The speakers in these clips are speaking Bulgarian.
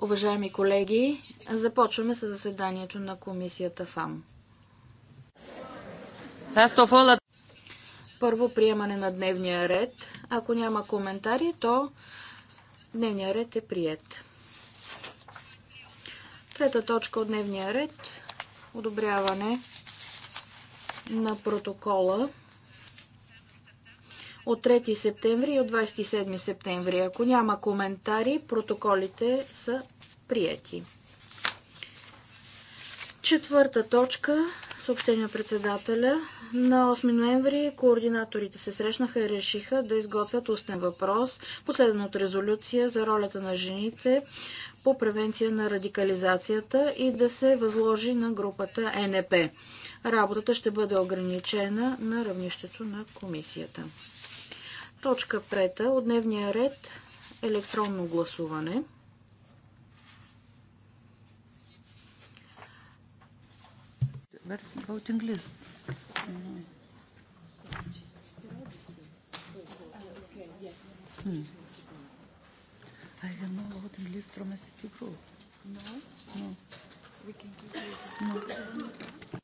Уважаеми колеги, започваме с заседанието на комисията ФАМ. Първо приемане на дневния ред. Ако няма коментари, то дневния ред е прият. Трета точка от дневния ред – одобряване на протокола от 3 септември и от 27 септември. Ако няма коментари, протоколите са приети. Четвърта точка съобщение на председателя. На 8 ноември координаторите се срещнаха и решиха да изготвят устен въпрос, последен от резолюция за ролята на жените по превенция на радикализацията и да се възложи на групата е НП. Работата ще бъде ограничена на равнището на комисията. Точка 5 от дневния ред електронно гласуване. Where's the voting list? Mm-hmm. Hmm. I have no voting list from SAP group. No? No. We can give you... No.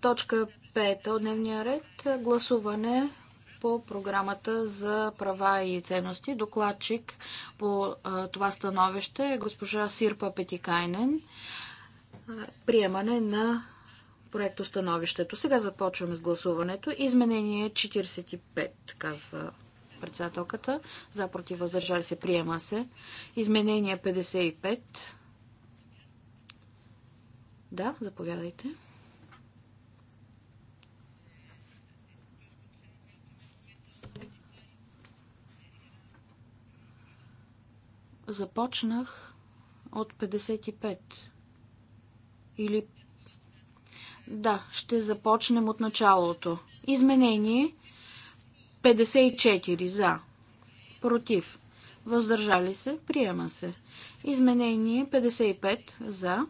Точка 5 от дневния ред. Гласуване по програмата за права и ценности. Докладчик по това становище е госпожа Сирпа Петикайнен. Приемане на проекто становището. Сега започваме с гласуването. Изменение 45, казва председателката. За против въздържали се, приема се. Изменение 55 да, заповядайте. Започнах от 55. Или... Да, ще започнем от началото. Изменение 54 за. Против. Въздържали се. Приема се. Изменение 55 за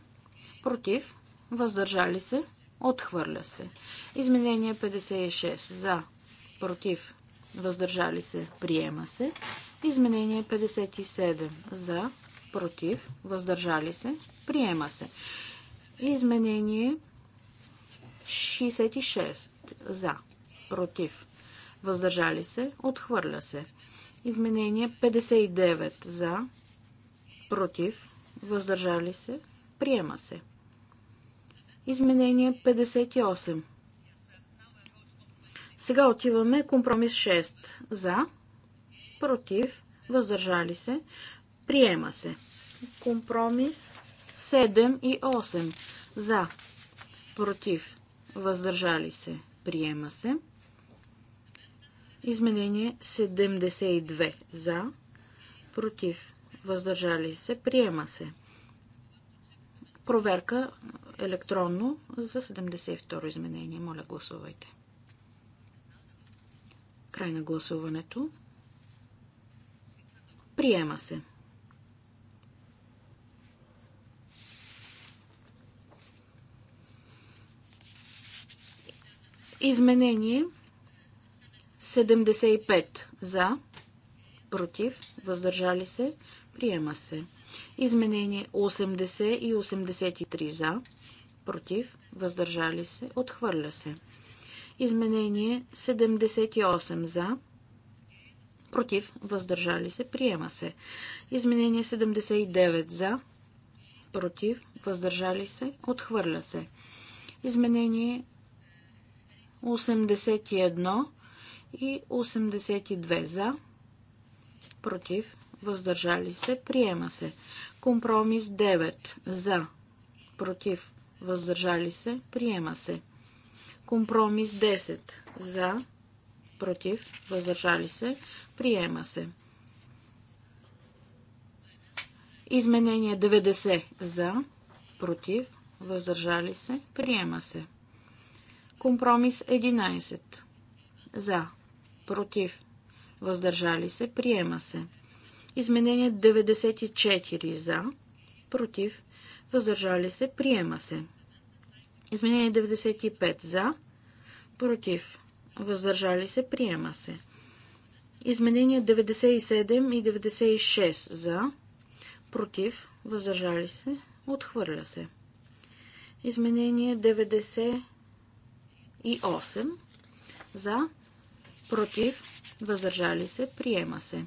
против, въздържали се, отхвърля се. Изменение 56 за, против, въздържали се, приема се. Изменение 57 за, против, въздържали се, приема се. Изменение 66 за, против, въздържали се, отхвърля се. Изменение 59 за, против, въздържали се, приема се. Изменение 58. Сега отиваме компромис 6. За, против, въздържали се, приема се. Компромис 7 и 8. За, против, въздържали се, приема се. Изменение 72. За, против, въздържали се, приема се. Проверка електронно за 72 изменение. Моля, гласувайте. Край на гласуването. Приема се. Изменение 75 за, против, въздържали се, приема се. Изменение 80 и 83 за, против, въздържали се, отхвърля се. Изменение 78 за, против, въздържали се, приема се. Изменение 79 за, против, въздържали се, отхвърля се. Изменение 81 и 82 за, против, въздържали се, приема се. Компромис 9 за, против, въздържали се, приема се. Компромис 10 за, против, въздържали се, приема се. Изменение 90 за, против, въздържали се, приема се. Компромис 11 за, против, въздържали се, приема се. Изменение 94 за, против, въздържали се, приема се. Изменение 95 за, против, въздържали се, приема се. Изменение 97 и 96 за, против, въздържали се, отхвърля се. Изменение 98 за, против, въздържали се, приема се.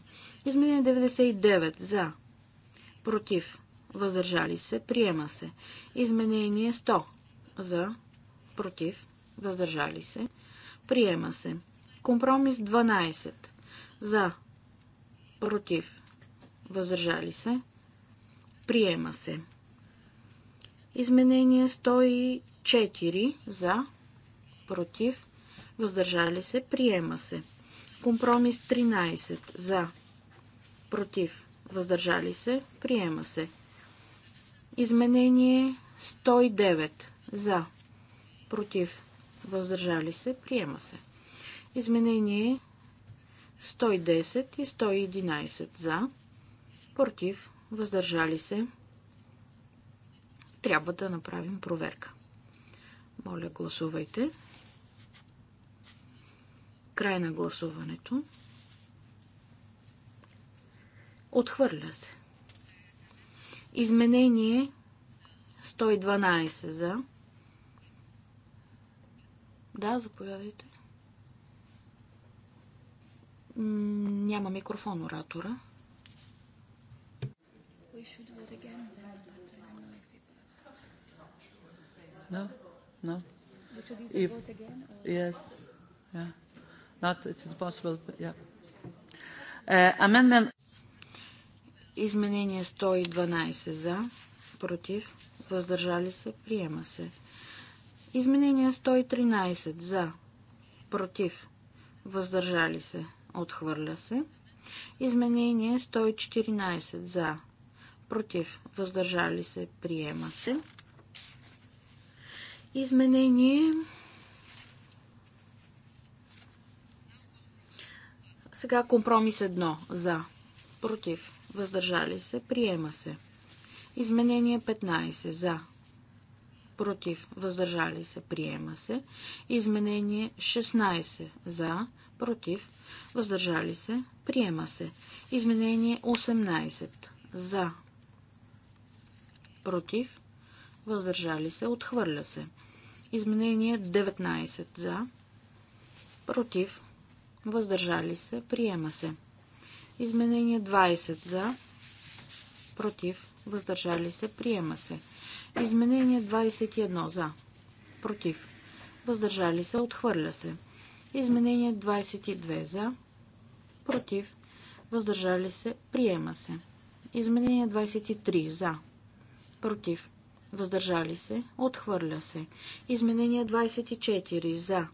Изменение 99 за. Против. Въздържали се. Приема се. Изменение 100 за. Против. Въздържали се. Приема се. Компромис 12 за. Против. Въздържали се. Приема се. Изменение 104 за. Против. Въздържали се. Приема се. Компромис 13 за против, въздържали се, приема се. Изменение 109 за, против, въздържали се, приема се. Изменение 110 и 111 за, против, въздържали се. Трябва да направим проверка. Моля, гласувайте. Край на гласуването. Отхвърля се. Изменение 112 за. Да, заповядайте. Няма микрофон оратора. No, no. If, yes, yeah. Not, it's impossible, but yeah. Uh, amendment Изменение 112 за, против, въздържали се, приема се. Изменение 113 за, против, въздържали се, отхвърля се. Изменение 114 за, против, въздържали се, приема се. Изменение сега компромис 1 за, против, въздържали се, приема се. Изменение 15 за, против, въздържали се, приема се. Изменение 16 за, против, въздържали се, приема се. Изменение 18 за, против, въздържали се, отхвърля се. Изменение 19 за, против, въздържали се, приема се. Изменение 20 за, против, въздържали се, приема се. Изменение 21 за, против, въздържали се, отхвърля се. Изменение 22 за, против, въздържали се, приема се. Изменение 23 за, против, въздържали се, отхвърля се. Изменение 24 за,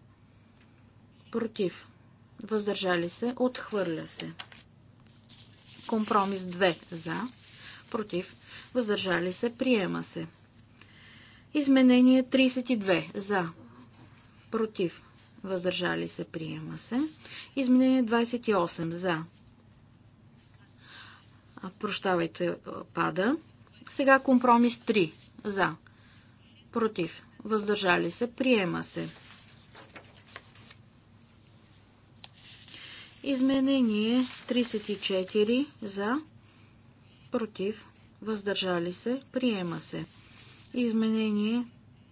против, въздържали се, отхвърля се. Компромис 2 за, против, въздържали се, приема се. Изменение 32 за, против, въздържали се, приема се. Изменение 28 за, прощавайте, пада. Сега компромис 3 за, против, въздържали се, приема се. Изменение 34 за, против, въздържали се, приема се. Изменение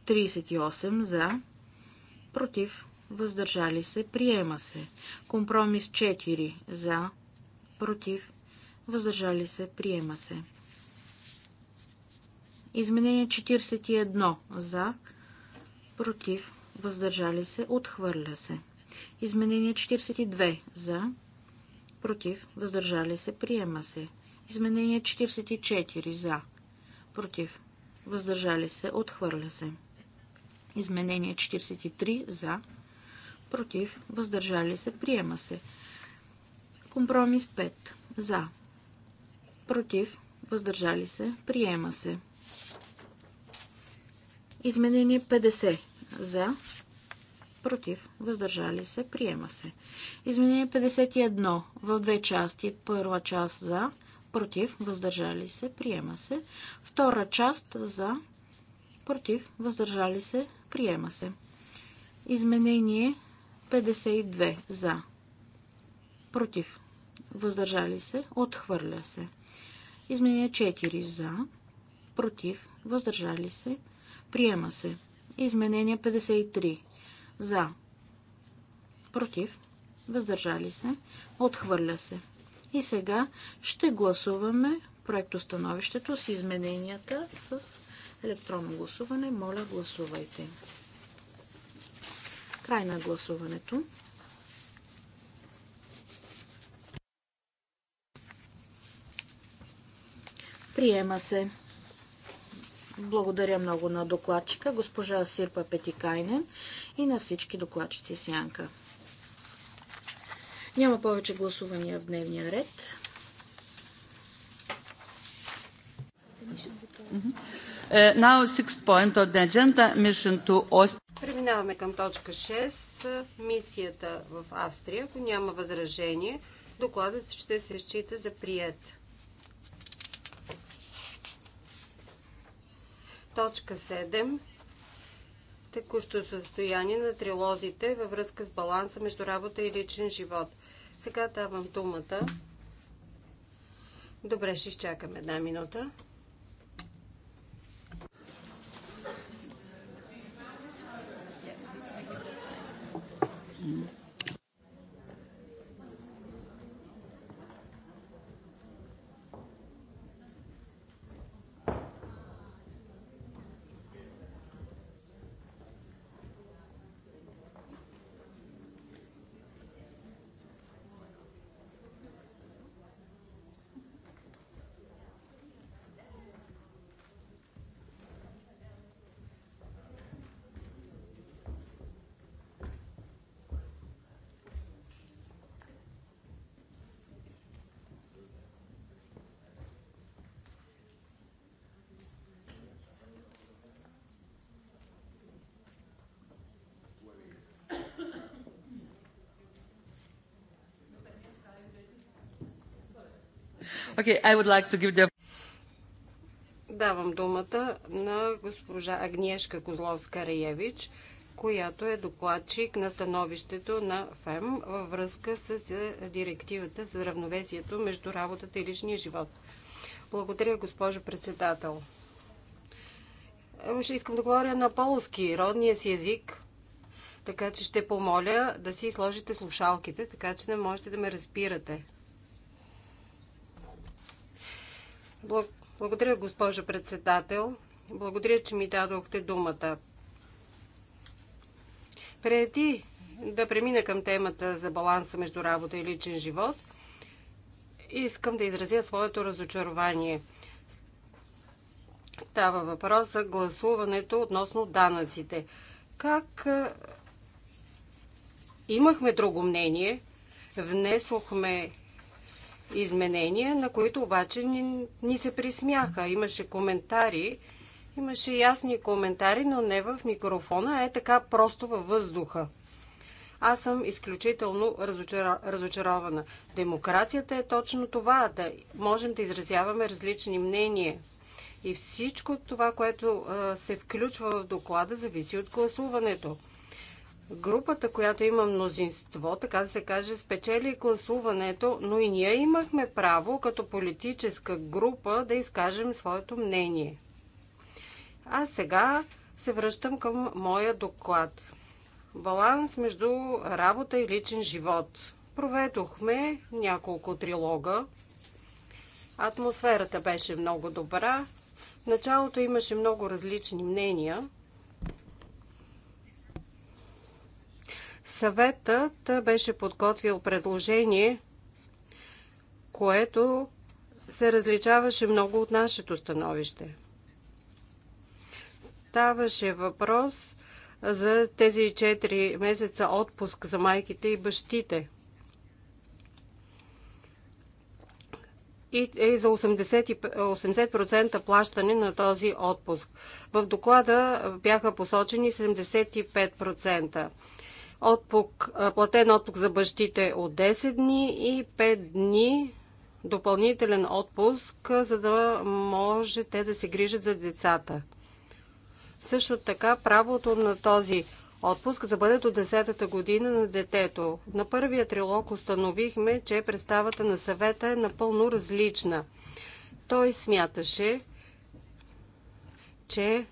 38 за, против, въздържали се, приема се. Компромис 4 за, против, въздържали се, приема се. Изменение 41 за, против, въздържали се, отхвърля се. Изменение 42 за, против, въздържали се, приема се. Изменение 44 за, против, въздържали се, отхвърля се. Изменение 43 за, против, въздържали се, приема се. Компромис 5 за, против, въздържали се, приема се. Изменение 50 за, против, въздържали се, приема се. Изменение 51 в две части. Първа част за, против, въздържали се, приема се. Втора част за, против, въздържали се, приема се. Изменение 52 за, против, въздържали се, отхвърля се. Изменение 4 за, против, въздържали се, приема се. Изменение 53 за. Против. Въздържали се. Отхвърля се. И сега ще гласуваме проектостановището с измененията с електронно гласуване. Моля, гласувайте. Край на гласуването. Приема се. Благодаря много на докладчика, госпожа Сирпа Петикайнен и на всички докладчици в Сянка. Няма повече гласувания в дневния ред. Е, Преминаваме към точка 6. Мисията в Австрия. Ако няма възражение, докладът ще се счита за прият. Точка 7. Текущо състояние на трилозите във връзка с баланса между работа и личен живот. Сега давам думата. Добре, ще изчакам една минута. Mm-hmm. Okay, I would like to give the... Давам думата на госпожа Агнешка Козловска-Раевич, която е докладчик на становището на ФЕМ във връзка с е, директивата за равновесието между работата и личния живот. Благодаря, госпожо председател. Ами, ще искам да говоря на полски, родния си език, така че ще помоля да си сложите слушалките, така че не можете да ме разбирате. Благодаря, госпожо председател. Благодаря, че ми дадохте думата. Преди да премина към темата за баланса между работа и личен живот, искам да изразя своето разочарование. Става въпрос за гласуването относно данъците. Как имахме друго мнение, внесохме изменения, на които обаче ни, ни се присмяха. Имаше коментари, имаше ясни коментари, но не в микрофона, а е така просто във въздуха. Аз съм изключително разочара... разочарована. Демокрацията е точно това, да можем да изразяваме различни мнения. И всичко това, което а, се включва в доклада, зависи от гласуването групата, която има мнозинство, така да се каже, спечели гласуването, но и ние имахме право като политическа група да изкажем своето мнение. А сега се връщам към моя доклад. Баланс между работа и личен живот. Проведохме няколко трилога. Атмосферата беше много добра. В началото имаше много различни мнения. Съветът беше подготвил предложение, което се различаваше много от нашето становище. Ставаше въпрос за тези 4 месеца отпуск за майките и бащите. и е за 80%, 80 плащане на този отпуск. В доклада бяха посочени 75% отпук, платен отпук за бащите от 10 дни и 5 дни допълнителен отпуск, за да може те да се грижат за децата. Също така правото на този отпуск да бъде до 10-та година на детето. На първия трилог установихме, че представата на съвета е напълно различна. Той смяташе, че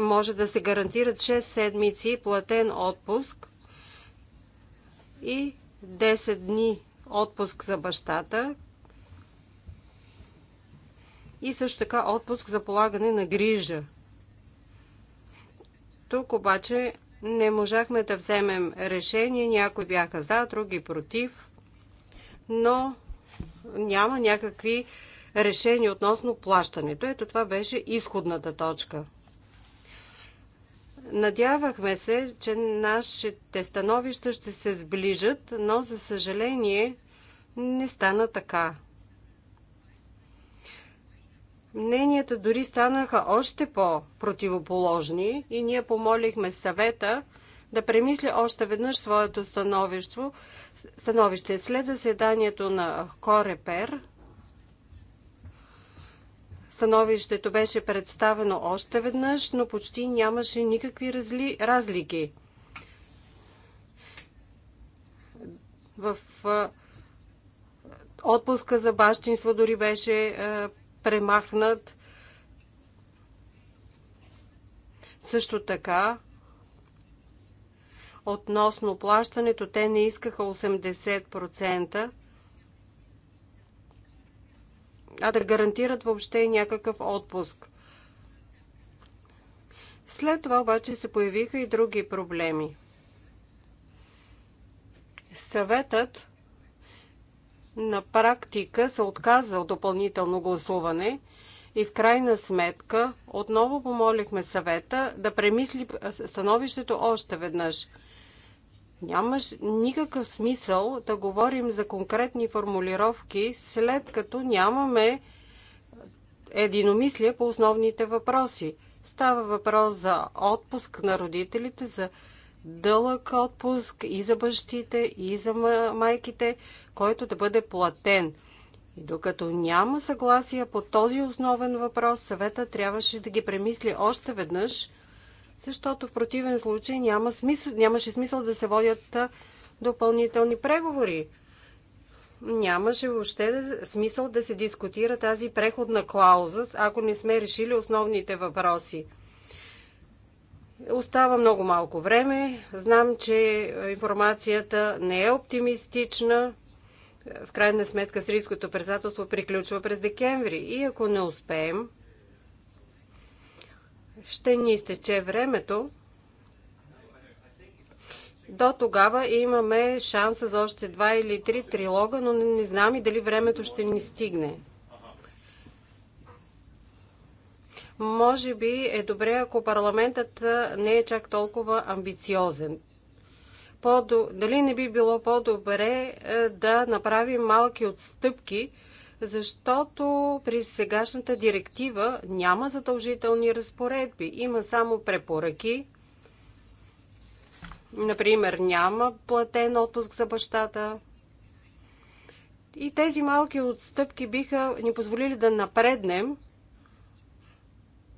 може да се гарантират 6 седмици платен отпуск и 10 дни отпуск за бащата и също така отпуск за полагане на грижа. Тук обаче не можахме да вземем решение. Някои бяха за, други против, но няма някакви решения относно плащането. Ето това беше изходната точка. Надявахме се, че нашите становища ще се сближат, но за съжаление не стана така. Мненията дори станаха още по-противоположни и ние помолихме съвета да премисли още веднъж своето становище, след заседанието на Корепер – Становището беше представено още веднъж, но почти нямаше никакви разли... разлики. В отпуска за бащинство дори беше премахнат. Също така, относно плащането, те не искаха 80% а да гарантират въобще някакъв отпуск. След това обаче се появиха и други проблеми. Съветът на практика се отказа от допълнително гласуване и в крайна сметка отново помолихме съвета да премисли становището още веднъж – няма никакъв смисъл да говорим за конкретни формулировки, след като нямаме единомислие по основните въпроси. Става въпрос за отпуск на родителите, за дълъг отпуск и за бащите, и за майките, който да бъде платен. И докато няма съгласие по този основен въпрос, съвета трябваше да ги премисли още веднъж защото в противен случай няма смисъл, нямаше смисъл да се водят допълнителни преговори. Нямаше въобще смисъл да се дискутира тази преходна клауза, ако не сме решили основните въпроси. Остава много малко време. Знам, че информацията не е оптимистична. В крайна сметка, Сирийското председателство приключва през декември. И ако не успеем, ще ни изтече времето. До тогава имаме шанса за още два или три трилога, но не знам и дали времето ще ни стигне. Може би е добре, ако парламентът не е чак толкова амбициозен. Дали не би било по-добре е, да направим малки отстъпки, защото при сегашната директива няма задължителни разпоредби. Има само препоръки. Например, няма платен отпуск за бащата. И тези малки отстъпки биха ни позволили да напреднем,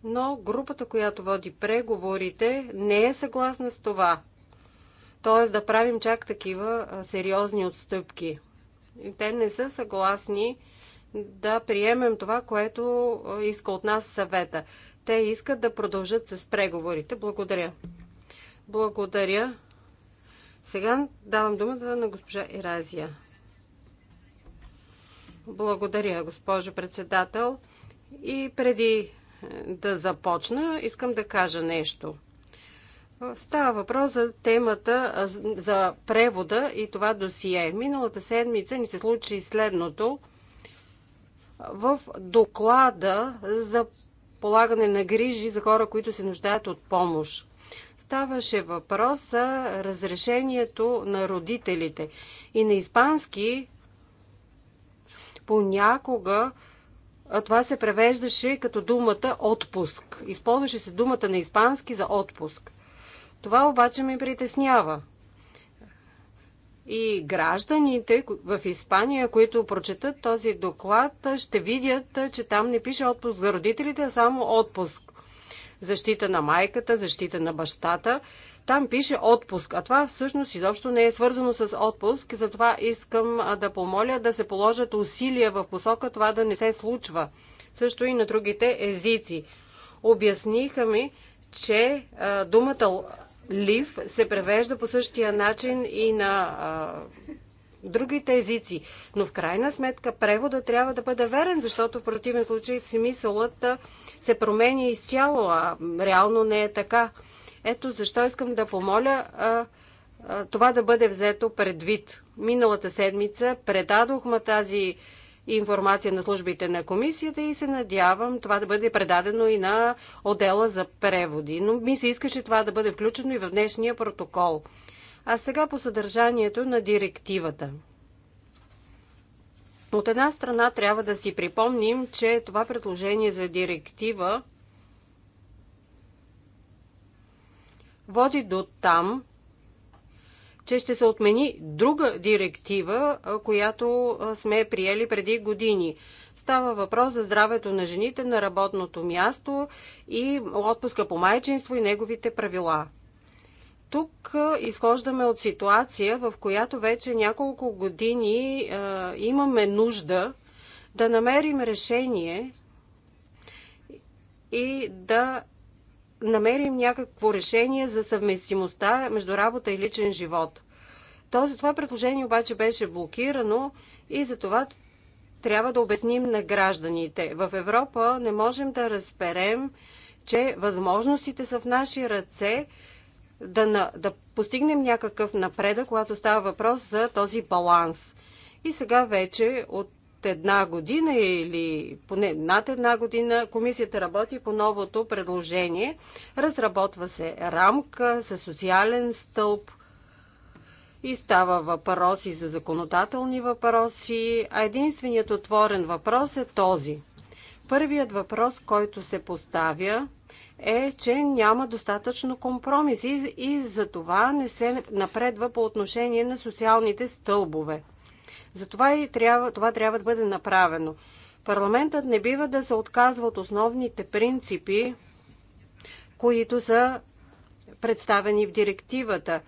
но групата, която води преговорите, не е съгласна с това. Тоест да правим чак такива сериозни отстъпки. Те не са съгласни да приемем това, което иска от нас съвета. Те искат да продължат с преговорите. Благодаря. Благодаря. Сега давам думата на госпожа Еразия. Благодаря, госпожо председател. И преди е, да започна, искам да кажа нещо. Става въпрос за темата за превода и това досие. Миналата седмица ни се случи следното в доклада за полагане на грижи за хора, които се нуждаят от помощ. Ставаше въпрос за разрешението на родителите. И на испански понякога това се превеждаше като думата отпуск. Използваше се думата на испански за отпуск. Това обаче ме притеснява. И гражданите в Испания, които прочетат този доклад, ще видят, че там не пише отпуск за родителите, а само отпуск. Защита на майката, защита на бащата. Там пише отпуск, а това всъщност изобщо не е свързано с отпуск. Затова искам да помоля да се положат усилия в посока това да не се случва. Също и на другите езици. Обясниха ми, че думата лив се превежда по същия начин и на а, другите езици. Но в крайна сметка превода трябва да бъде верен, защото в противен случай смисълът се променя изцяло, а реално не е така. Ето защо искам да помоля а, а, това да бъде взето предвид. Миналата седмица предадохме тази информация на службите на комисията и се надявам това да бъде предадено и на отдела за преводи. Но ми се искаше това да бъде включено и в днешния протокол. А сега по съдържанието на директивата. От една страна трябва да си припомним, че това предложение за директива води до там, че ще се отмени друга директива, която сме приели преди години. Става въпрос за здравето на жените на работното място и отпуска по майчинство и неговите правила. Тук изхождаме от ситуация, в която вече няколко години а, имаме нужда да намерим решение и да намерим някакво решение за съвместимостта между работа и личен живот. Този, това предложение обаче беше блокирано и за това трябва да обясним на гражданите. В Европа не можем да разберем, че възможностите са в наши ръце да, на, да постигнем някакъв напредък, когато става въпрос за този баланс. И сега вече от от една година или поне над една година комисията работи по новото предложение. Разработва се рамка със социален стълб и става въпроси за законодателни въпроси, а единственият отворен въпрос е този. Първият въпрос, който се поставя е, че няма достатъчно компромиси и за това не се напредва по отношение на социалните стълбове. Затова и трябва, това трябва да бъде направено. Парламентът не бива да се отказва от основните принципи, които са представени в директивата.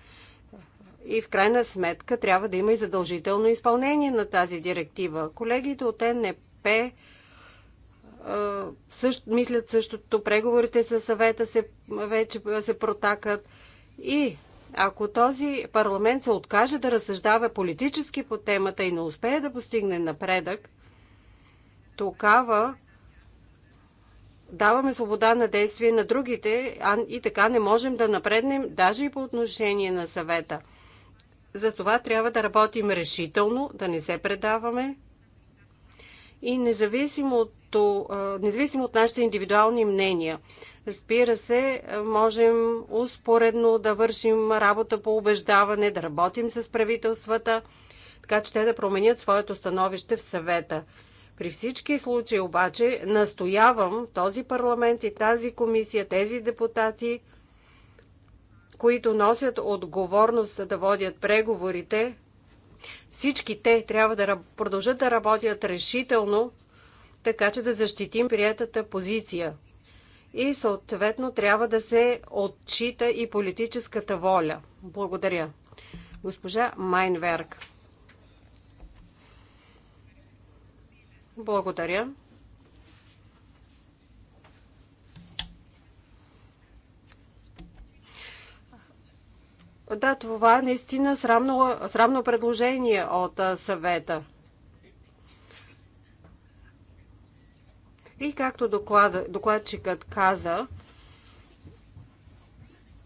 И в крайна сметка трябва да има и задължително изпълнение на тази директива. Колегите от НП е, също, мислят същото. Преговорите със съвета се, вече се протакат. И ако този парламент се откаже да разсъждава политически по темата и не успее да постигне напредък, тогава даваме свобода на действие на другите а и така не можем да напреднем даже и по отношение на съвета. Затова трябва да работим решително, да не се предаваме и независимо от, независимо от нашите индивидуални мнения – Разбира се, можем успоредно да вършим работа по убеждаване, да работим с правителствата, така че те да променят своето становище в съвета. При всички случаи обаче настоявам този парламент и тази комисия, тези депутати, които носят отговорност да водят преговорите, всички те трябва да продължат да работят решително, така че да защитим приятата позиция и съответно трябва да се отчита и политическата воля. Благодаря. Госпожа Майнверк. Благодаря. Да, това наистина срамно, срамно предложение от съвета. И както доклада, докладчикът каза,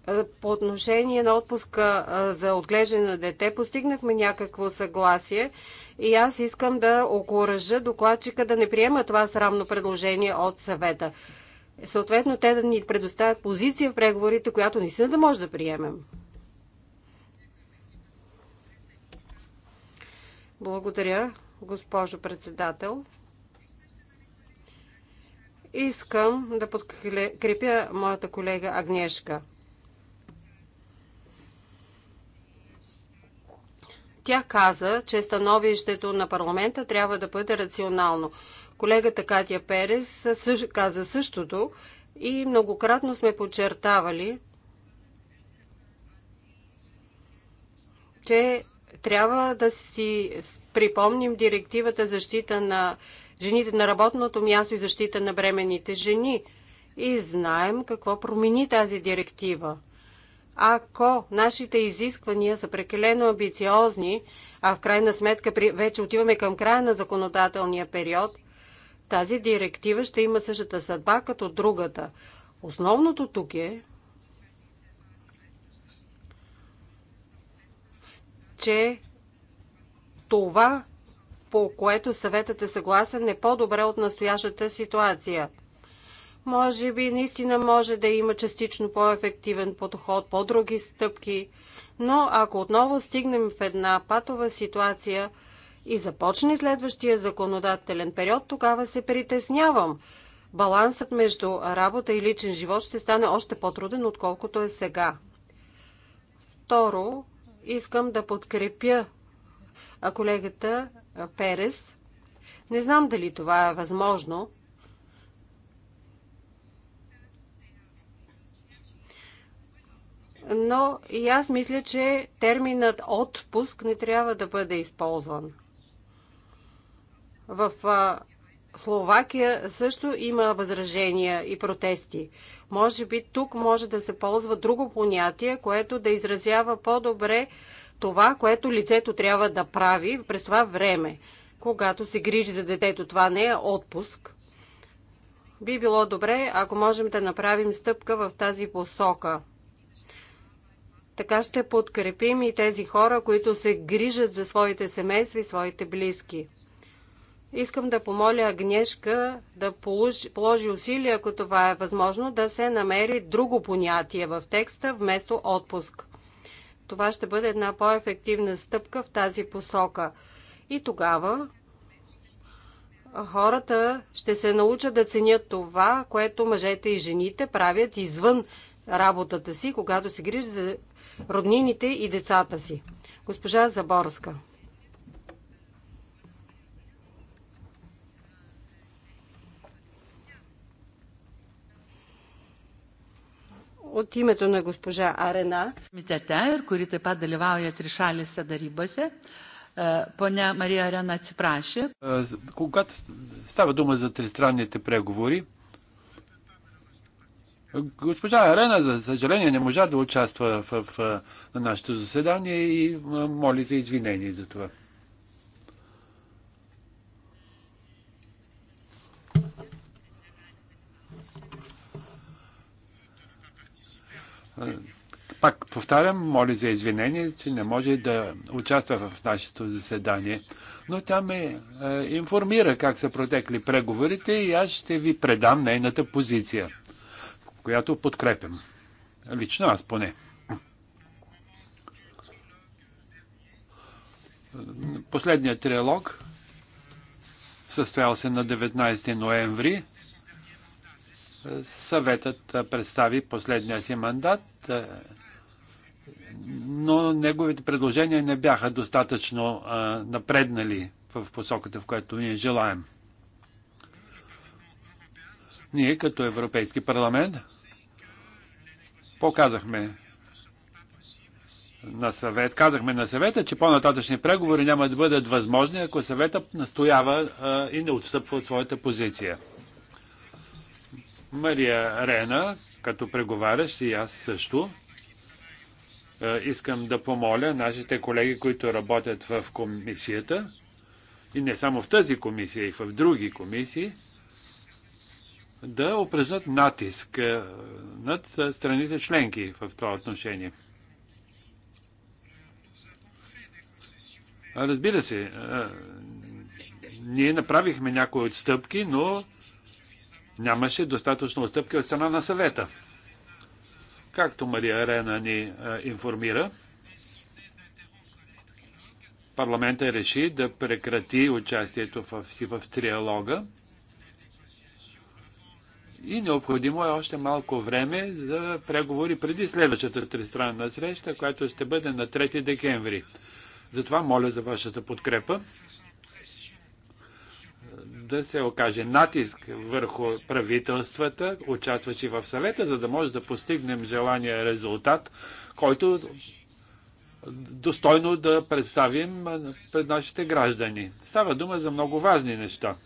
е, по отношение на отпуска е, за отглеждане на дете постигнахме някакво съгласие и аз искам да окоръжа докладчика да не приема това срамно предложение от съвета. Съответно, те да ни предоставят позиция в преговорите, която наистина да може да приемем. Благодаря, госпожо председател. Искам да подкрепя моята колега Агнешка. Тя каза, че становището на парламента трябва да бъде рационално. Колегата Катя Перес каза същото и многократно сме подчертавали, че трябва да си припомним директивата защита на жените на работното място и защита на бременните жени. И знаем какво промени тази директива. Ако нашите изисквания са прекалено амбициозни, а в крайна сметка вече отиваме към края на законодателния период, тази директива ще има същата съдба като другата. Основното тук е, че това, по което съветът е съгласен, е по-добре от настоящата ситуация. Може би наистина може да има частично по-ефективен подход, по-други стъпки, но ако отново стигнем в една патова ситуация и започне следващия законодателен период, тогава се притеснявам. Балансът между работа и личен живот ще стане още по-труден, отколкото е сега. Второ, искам да подкрепя колегата Перес. Не знам дали това е възможно. Но и аз мисля, че терминът отпуск не трябва да бъде използван. В Словакия също има възражения и протести. Може би тук може да се ползва друго понятие, което да изразява по-добре това, което лицето трябва да прави през това време. Когато се грижи за детето, това не е отпуск. Би било добре, ако можем да направим стъпка в тази посока. Така ще подкрепим и тези хора, които се грижат за своите семейства и своите близки. Искам да помоля Агнешка да положи, положи усилия, ако това е възможно, да се намери друго понятие в текста вместо отпуск. Това ще бъде една по-ефективна стъпка в тази посока. И тогава хората ще се научат да ценят това, което мъжете и жените правят извън работата си, когато се грижат за роднините и децата си. Госпожа Заборска. от името на госпожа Арена. които така е, Поня Мария Арена отпраше. Е, когато става дума за тристранните преговори, госпожа Арена, за съжаление, не можа да участва в, в, в на нашето заседание и моли за извинение за това. Е, пак повтарям, моля за извинение, че не може да участва в нашето заседание, но тя ме е, информира как са протекли преговорите и аз ще ви предам нейната позиция, която подкрепям. Лично аз поне. Последният триалог състоял се на 19 ноември Съветът представи последния си мандат, но неговите предложения не бяха достатъчно напреднали в посоката, в която ние желаем. Ние като Европейски парламент показахме на съвет, казахме на съвета, че по-нататъчни преговори няма да бъдат възможни, ако съвета настоява и не отстъпва от своята позиция. Мария Рена, като преговаряш и аз също, е, искам да помоля нашите колеги, които работят в комисията, и не само в тази комисия, и в други комисии, да упражнат натиск е, над страните членки в това отношение. Разбира се, е, ние направихме някои отстъпки, но Нямаше достатъчно отстъпки от страна на съвета. Както Мария Рена ни а, е, информира, парламента реши да прекрати участието в, си в триалога и необходимо е още малко време за преговори преди следващата тристранна среща, която ще бъде на 3 декември. Затова моля за вашата подкрепа да се окаже натиск върху правителствата, участващи в съвета, за да може да постигнем желания резултат, който достойно да представим пред нашите граждани. Става дума за много важни неща.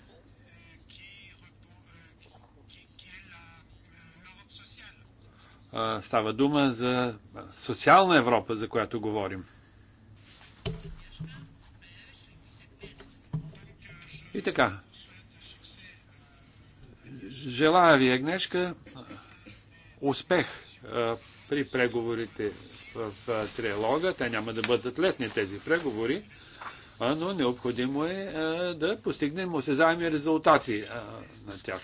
Става дума за социална Европа, за която говорим. И така, Желая ви, Агнешка, успех при преговорите в триалога. Те няма да бъдат лесни тези преговори, но необходимо е да постигнем осезаеми резултати на тях.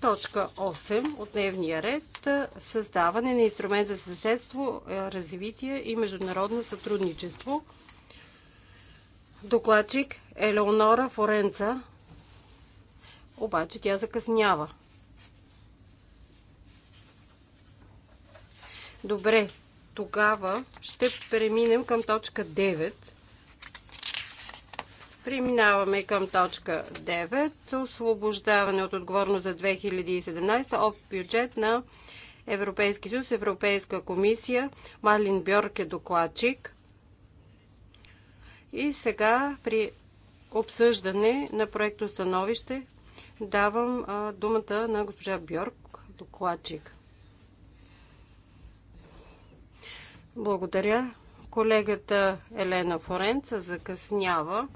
Точка 8 от дневния ред създаване на инструмент за съседство, развитие и международно сътрудничество. Докладчик Елеонора Форенца обаче тя закъснява. Добре, тогава ще преминем към точка 9. Преминаваме към точка 9. Освобождаване от отговорност за 2017 об бюджет на Европейски съюз, Европейска комисия. Малин Бьорк е докладчик. И сега при обсъждане на проекто становище Давам думата на госпожа Бьорк, докладчик. Благодаря. Колегата Елена Форенца закъснява,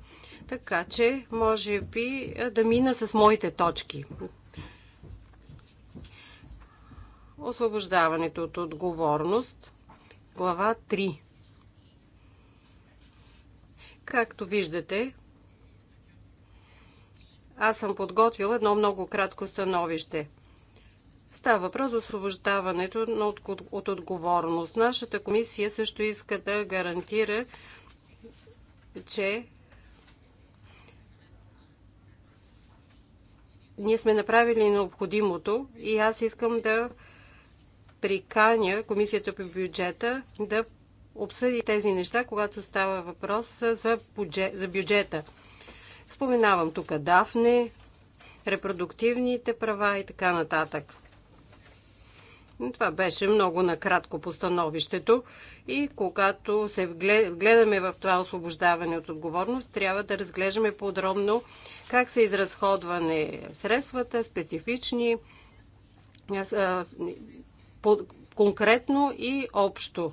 така че може би да мина с моите точки. Освобождаването от отговорност. Глава 3. Както виждате, аз съм подготвил едно много кратко становище. Става въпрос за освобождаването от отговорност. Нашата комисия също иска да гарантира, че ние сме направили необходимото и аз искам да приканя Комисията по бюджета да обсъди тези неща, когато става въпрос за бюджета. Споменавам тук Дафне, репродуктивните права и така нататък. Това беше много накратко постановището и когато се гледаме в това освобождаване от отговорност, трябва да разглеждаме подробно как са изразходване средствата, специфични, конкретно и общо.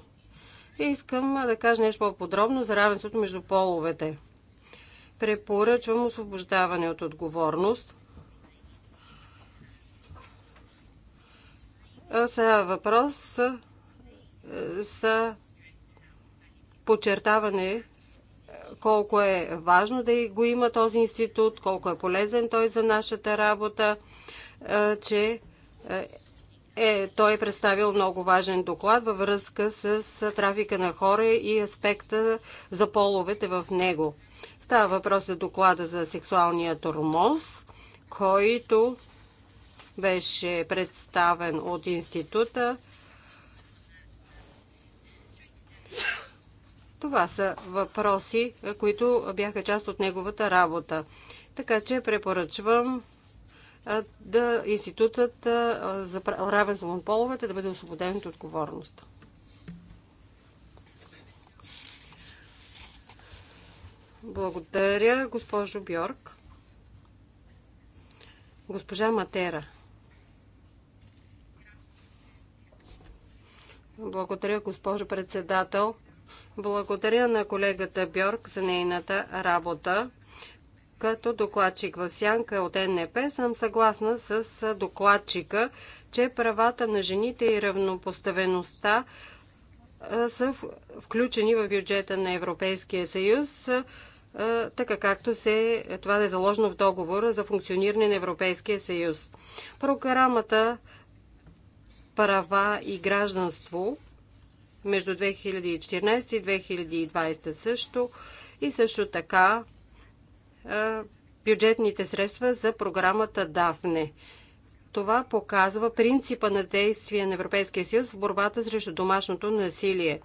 Искам да кажа нещо по-подробно за равенството между половете препоръчвам освобождаване от отговорност. Сега въпрос за подчертаване колко е важно да го има този институт, колко е полезен той за нашата работа, че е, той е представил много важен доклад във връзка с трафика на хора и аспекта за половете в него. Става въпрос за доклада за сексуалния тормоз, който беше представен от института. Това са въпроси, които бяха част от неговата работа. Така че препоръчвам да институтът за равенство на половете да бъде освободен от отговорността. Благодаря, госпожо Бьорк. Госпожа Матера. Благодаря, госпожо председател. Благодаря на колегата Бьорк за нейната работа. Като докладчик в Сянка от НП съм съгласна с докладчика, че правата на жените и равнопоставеността са включени в бюджета на Европейския съюз така както се, това да е заложено в договора за функциониране на Европейския съюз. Програмата Права и гражданство между 2014 и 2020 също и също така бюджетните средства за програмата ДАФНЕ. Това показва принципа на действие на Европейския съюз в борбата срещу домашното насилие.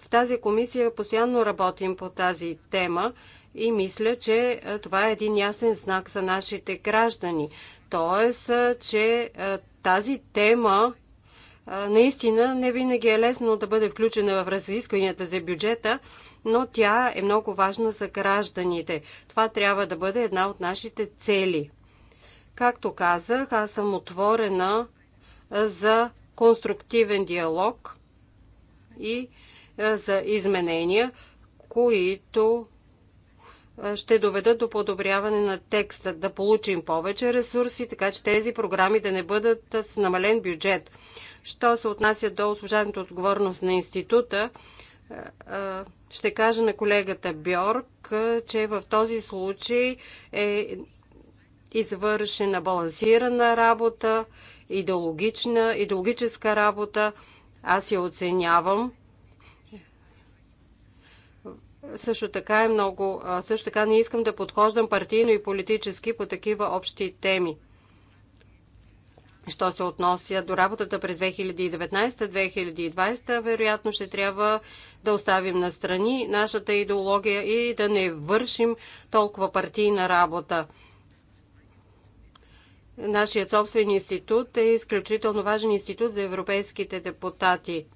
В тази комисия постоянно работим по тази тема и мисля, че това е един ясен знак за нашите граждани. Тоест, че тази тема наистина не винаги е лесно да бъде включена в разискванията за бюджета, но тя е много важна за гражданите. Това трябва да бъде една от нашите цели. Както казах, аз съм отворена за конструктивен диалог и за изменения, които ще доведат до подобряване на текста, да получим повече ресурси, така че тези програми да не бъдат с намален бюджет. Що се отнася до служебната отговорност на института, ще кажа на колегата Бьорк, че в този случай е извършена балансирана работа, идеологична, идеологическа работа. Аз я оценявам. Също така е много. Също така не искам да подхождам партийно и политически по такива общи теми. Що се относя до работата през 2019-2020, вероятно ще трябва да оставим настрани нашата идеология и да не вършим толкова партийна работа. Нашият собствен институт е изключително важен институт за европейските депутати.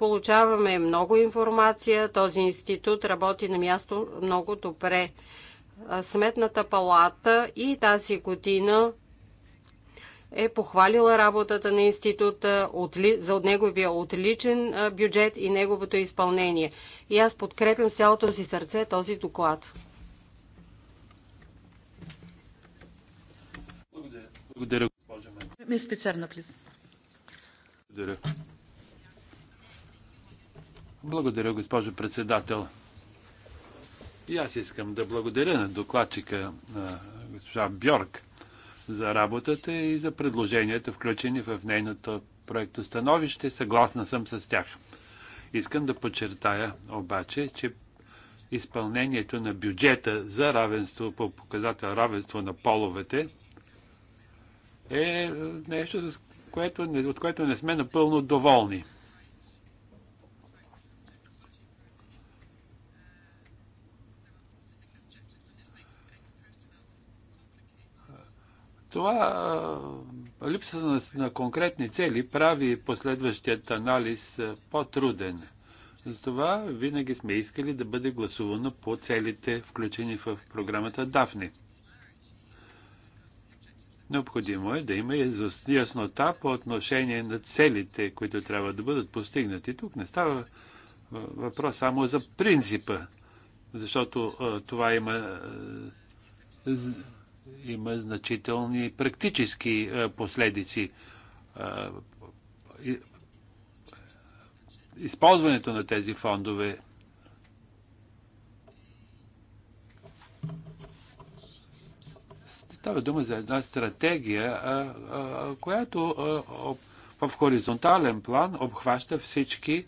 Получаваме много информация. Този институт работи на място много добре. Сметната палата и тази година е похвалила работата на института за неговия отличен бюджет и неговото изпълнение. И аз подкрепям с цялото си сърце този доклад. Благодаря. Благодаря, госпожа Мен. плиз. Благодаря. Благодаря, госпожо председател. И аз искам да благодаря на докладчика на госпожа Бьорк за работата и за предложенията, включени в нейното проекто становище. Съгласна съм с тях. Искам да подчертая обаче, че изпълнението на бюджета за равенство по показател равенство на половете е нещо, от което не сме напълно доволни. Това липса на, на конкретни цели прави последващият анализ по-труден. Затова винаги сме искали да бъде гласувано по целите, включени в програмата Дафни. Необходимо е да има яснота по отношение на целите, които трябва да бъдат постигнати. Тук не става въпрос само за принципа, защото това има има значителни практически е, последици. Е, използването на тези фондове Става дума за една стратегия, е, която в хоризонтален план обхваща всички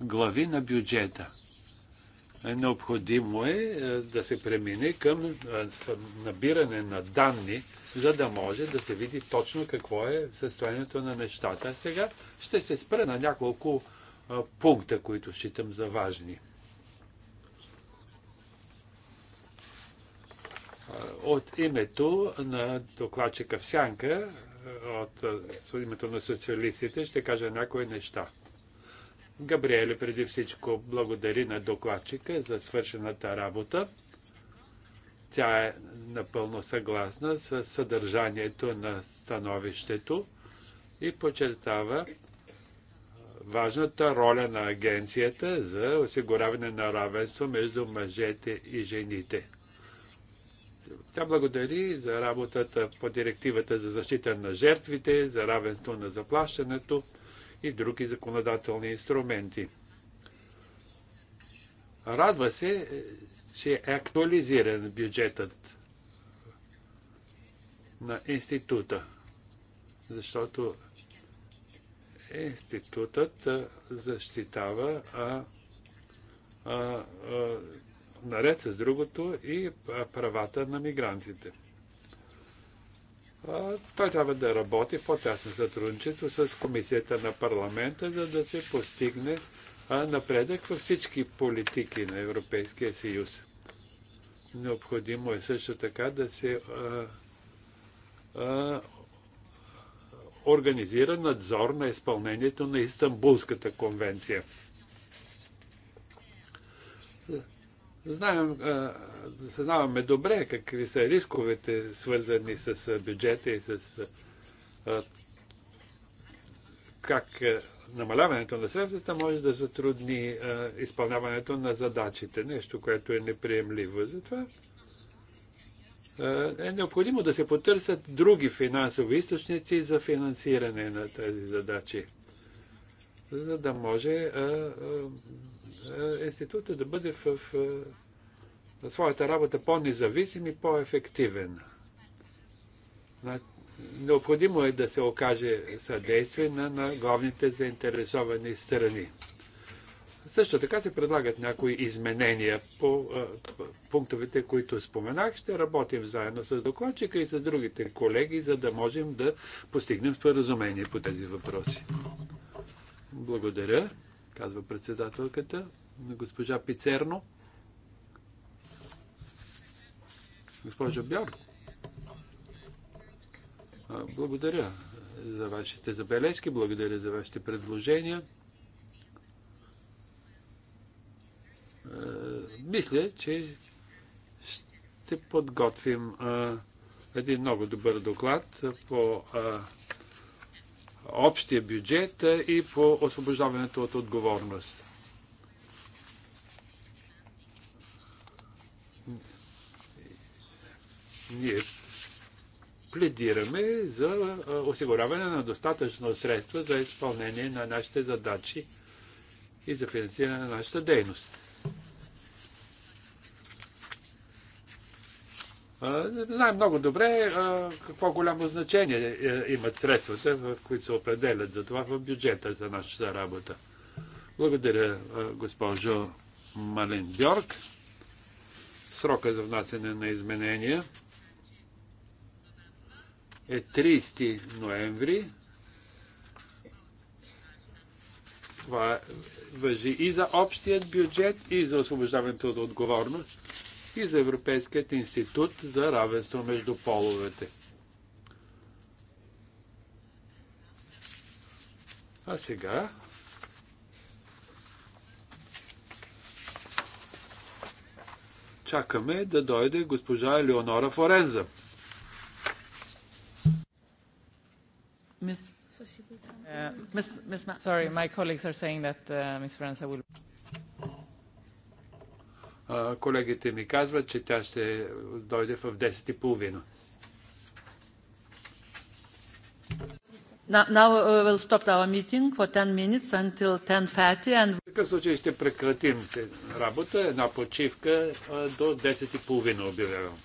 глави на бюджета – Необходимо е, е да се премине е, към набиране на данни, за да може да се види точно какво е състоянието на нещата. Сега ще се спра на няколко е, пункта, които считам за важни. От името на докладчика Кавсянка от името на социалистите, ще кажа някои неща. Габриеле преди всичко благодари на докладчика за свършената работа. Тя е напълно съгласна с съдържанието на становището и подчертава важната роля на агенцията за осигуряване на равенство между мъжете и жените. Тя благодари за работата по директивата за защита на жертвите, за равенство на заплащането и други законодателни инструменти. Радва се, е, че е актуализиран бюджетът на института, защото институтът е, защитава а, а, а, наред с другото и правата на мигрантите той трябва да работи в по-тясно сътрудничество с комисията на парламента, за да се постигне напредък във всички политики на Европейския съюз. Необходимо е също така да се организира надзор на изпълнението на Истанбулската конвенция. Знаем, съзнаваме добре какви са рисковете, свързани с бюджета и с как намаляването на средствата може да затрудни изпълняването на задачите, нещо, което е неприемливо. Затова е необходимо да се потърсят други финансови източници за финансиране на тези задачи, за да може е, института да бъде в, в в своята работа по-независим и по-ефективен. Необходимо е да се окаже съдействие на, на главните заинтересовани страни. Също така се предлагат някои изменения по а, пунктовете, които споменах. Ще работим заедно с докладчика и с другите колеги, за да можем да постигнем споразумение по тези въпроси. Благодаря казва председателката, на госпожа Пицерно. Госпожа Бьор. благодаря за вашите забележки, благодаря за вашите предложения. Мисля, че ще подготвим един много добър доклад по общия бюджет и по освобождаването от отговорност. Ние пледираме за осигуряване на достатъчно средства за изпълнение на нашите задачи и за финансиране на нашата дейност. Знаем много добре какво голямо значение е, имат средствата, които се определят за това в бюджета за нашата работа. Благодаря, госпожо Малин Бьорк. Срока за внасяне на изменения е 30 ноември. Това е, въжи и за общият бюджет, и за освобождаването от отговорност и за Европейският институт за равенство между половете. А сега чакаме да дойде госпожа Елеонора Форенза. Miss, uh, miss, miss, sorry, my colleagues are saying that uh, Ms. Forenza will... Колегите ми казват, че тя ще дойде в 10.30. Now uh, stop our meeting for 10 minutes until 10.30 and... В такъв случай ще прекратим работа, една почивка до 10.30 обявявам.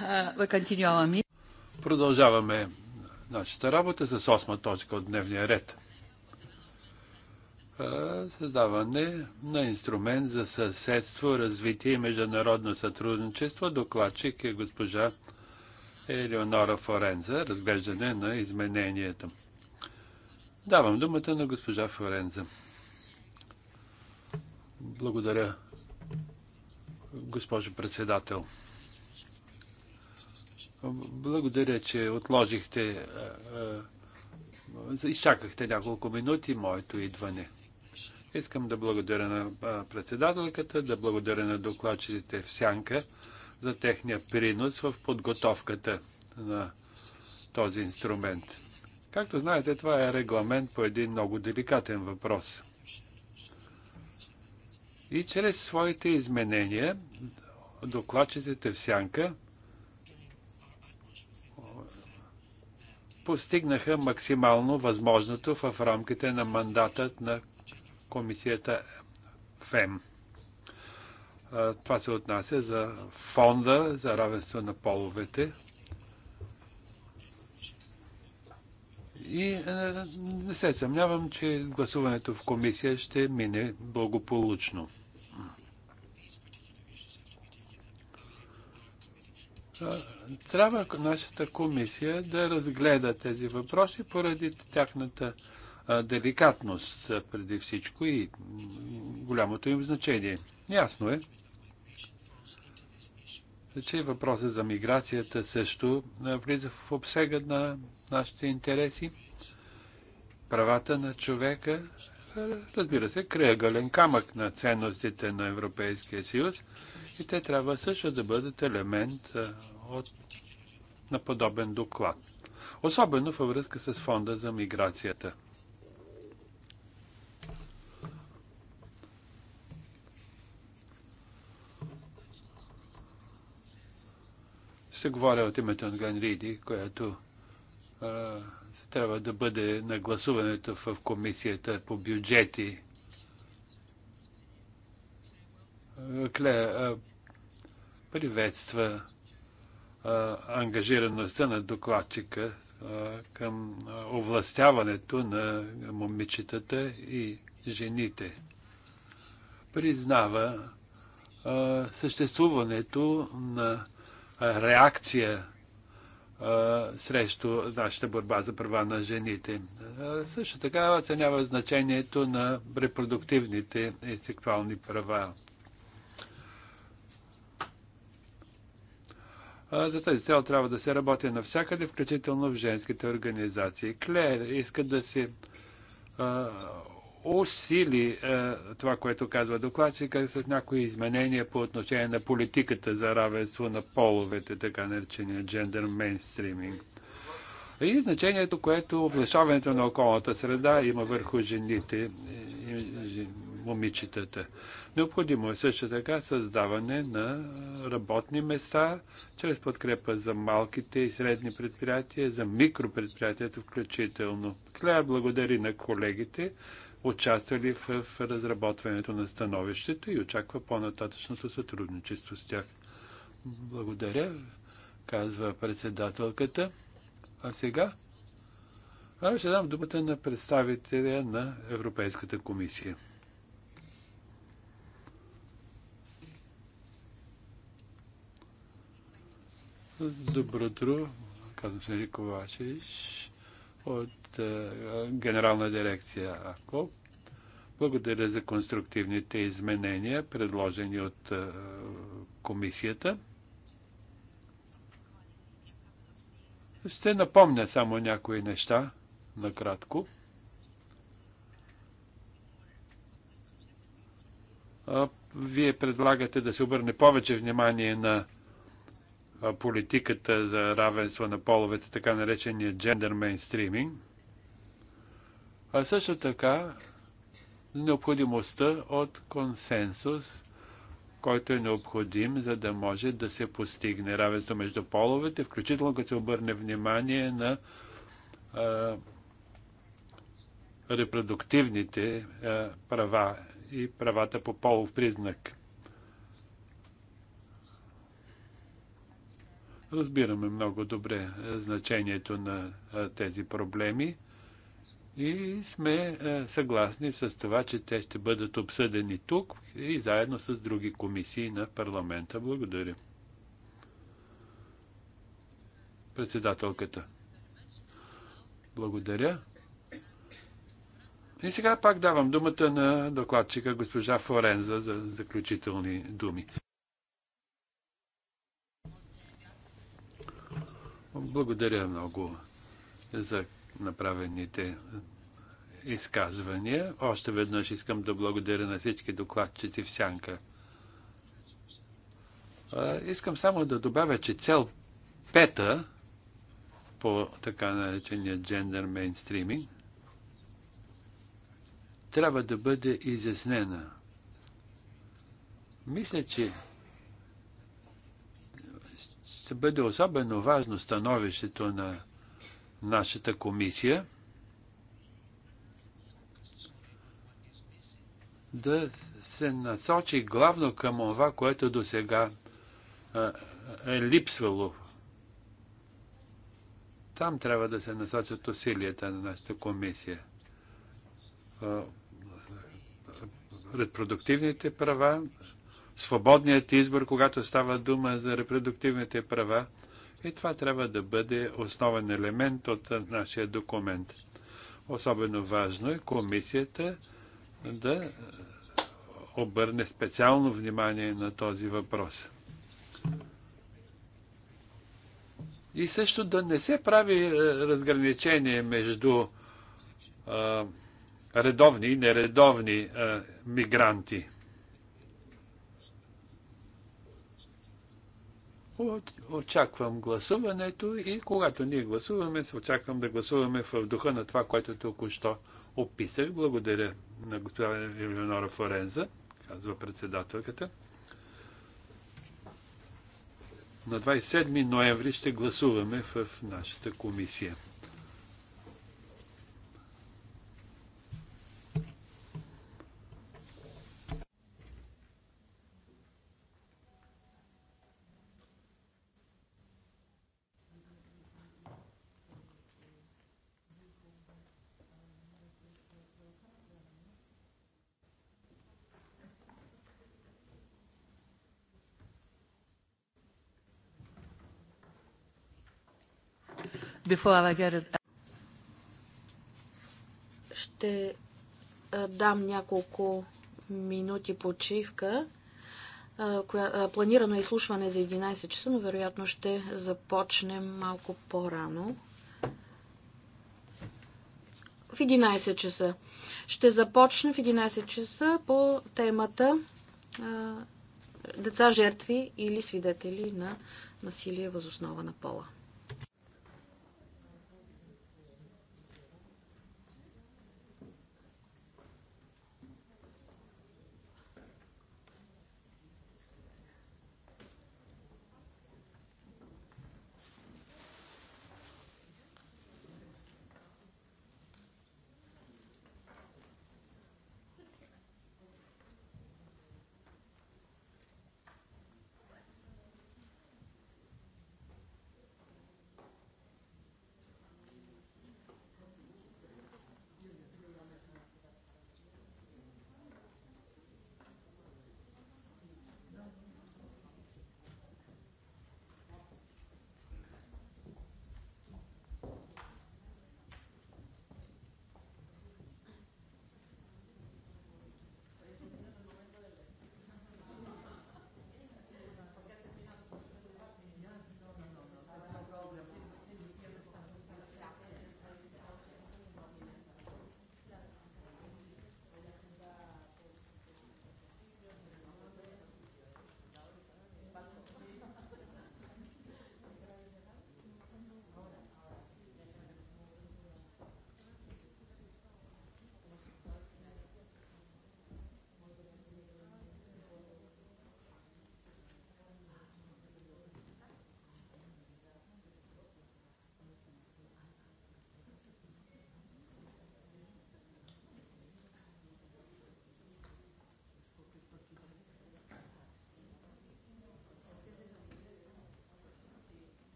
Uh, Продължаваме нашата работа с осма точка от дневния ред. Създаване на инструмент за съседство, развитие и международно сътрудничество. Докладчик е госпожа Елеонора Форенза. Разглеждане на измененията. Давам думата на госпожа Форенза. Благодаря, госпожо председател. Благодаря, че отложихте, е, е, изчакахте няколко минути моето идване. Искам да благодаря на е, председателката, да благодаря на докладчиците в Сянка за техния принос в подготовката на този инструмент. Както знаете, това е регламент по един много деликатен въпрос – и чрез своите изменения докладчетите в сянка постигнаха максимално възможното в рамките на мандатът на комисията ФЕМ. Това се отнася за фонда за равенство на половете. И не се съмнявам, че гласуването в комисия ще мине благополучно. Трябва нашата комисия да разгледа тези въпроси поради тяхната деликатност преди всичко и голямото им значение. Ясно е, че въпроса за миграцията също влиза в обсега на нашите интереси. Правата на човека, разбира се, кръгален камък на ценностите на Европейския съюз – и те трябва също да бъдат елемент от, на подобен доклад. Особено във връзка с фонда за миграцията. Ще говоря от името на Ганриди, което която а, трябва да бъде на гласуването в комисията по бюджети Кле, приветства ангажираността на докладчика към овластяването на момичетата и жените. Признава съществуването на реакция срещу нашата борба за права на жените. Също така оценява значението на репродуктивните и сексуални права. За тази цел трябва да се работи навсякъде, включително в женските организации. Клер иска да се усили това, което казва докладчика с някои изменения по отношение на политиката за равенство на половете, така наречения джендър мейнстриминг. И значението, което влешаването на околната среда има върху жените момичетата. Необходимо е също така създаване на работни места чрез подкрепа за малките и средни предприятия, за микропредприятията включително. Клея благодари на колегите, участвали в разработването на становището и очаква по-нататъчното сътрудничество с тях. Благодаря, казва председателката. А сега ще дам думата на представителя на Европейската комисия. Добро утро, казвам се Рико Вачевич от е, Генерална дирекция АКО. Благодаря за конструктивните изменения, предложени от е, комисията. Ще напомня само някои неща, накратко. Вие предлагате да се обърне повече внимание на политиката за равенство на половете, така наречения джендър мейнстриминг, а също така необходимостта от консенсус, който е необходим, за да може да се постигне равенство между половете, включително като се обърне внимание на а, репродуктивните а, права и правата по полов признак. Разбираме много добре е, значението на е, тези проблеми и сме е, съгласни с това, че те ще бъдат обсъдени тук и заедно с други комисии на парламента. Благодаря. Председателката. Благодаря. И сега пак давам думата на докладчика госпожа Форенза за заключителни думи. Благодаря много за направените изказвания. Още веднъж искам да благодаря на всички докладчици в Сянка. Искам само да добавя, че цел пета по така наречения джендър мейнстриминг трябва да бъде изяснена. Мисля, че ще бъде особено важно становището на нашата комисия да се насочи главно към това, което до сега е липсвало. Там трябва да се насочат усилията на нашата комисия. Репродуктивните права, свободният избор, когато става дума за репродуктивните права. И това трябва да бъде основен елемент от нашия документ. Особено важно е комисията да обърне специално внимание на този въпрос. И също да не се прави е, разграничение между а, редовни и нередовни а, мигранти. Очаквам гласуването и когато ние гласуваме, се очаквам да гласуваме в духа на това, което току-що описах. Благодаря на господа Елеонора Форенза, казва председателката. На 27 ноември ще гласуваме в нашата комисия. before I get it. Ще дам няколко минути почивка. Планирано е изслушване за 11 часа, но вероятно ще започнем малко по-рано. В 11 часа. Ще започнем в 11 часа по темата деца жертви или свидетели на насилие възоснова на пола.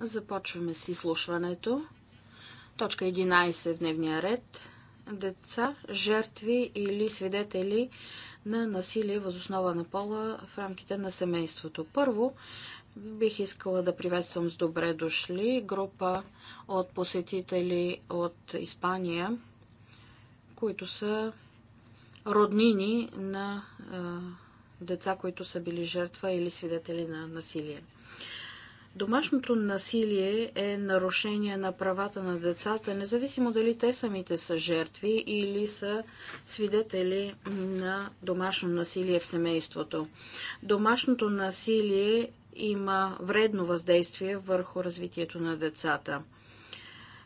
Започваме с изслушването. Точка 11 в дневния ред. Деца, жертви или свидетели на насилие възоснова на пола в рамките на семейството. Първо, бих искала да приветствам с добре дошли група от посетители от Испания, които са роднини на деца, които са били жертва или свидетели на насилие. Домашното насилие е нарушение на правата на децата, независимо дали те самите са жертви или са свидетели на домашно насилие в семейството. Домашното насилие има вредно въздействие върху развитието на децата.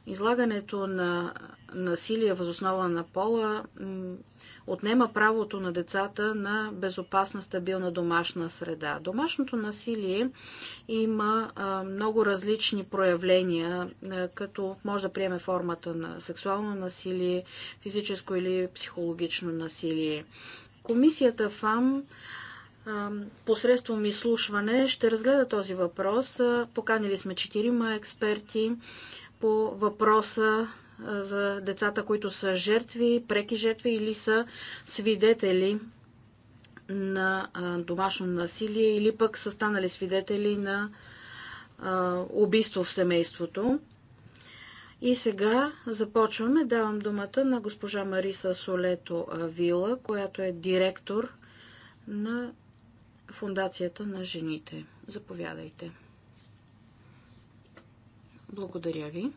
Излагането на насилие възоснова на пола отнема правото на децата на безопасна, стабилна домашна среда. Домашното насилие има много различни проявления, като може да приеме формата на сексуално насилие, физическо или психологично насилие. Комисията ФАМ посредством изслушване ще разгледа този въпрос. Поканили сме четирима експерти по въпроса за децата, които са жертви, преки жертви или са свидетели на домашно насилие или пък са станали свидетели на убийство в семейството. И сега започваме. Давам думата на госпожа Мариса Солето Вила, която е директор на Фундацията на жените. Заповядайте. Благодаря ви.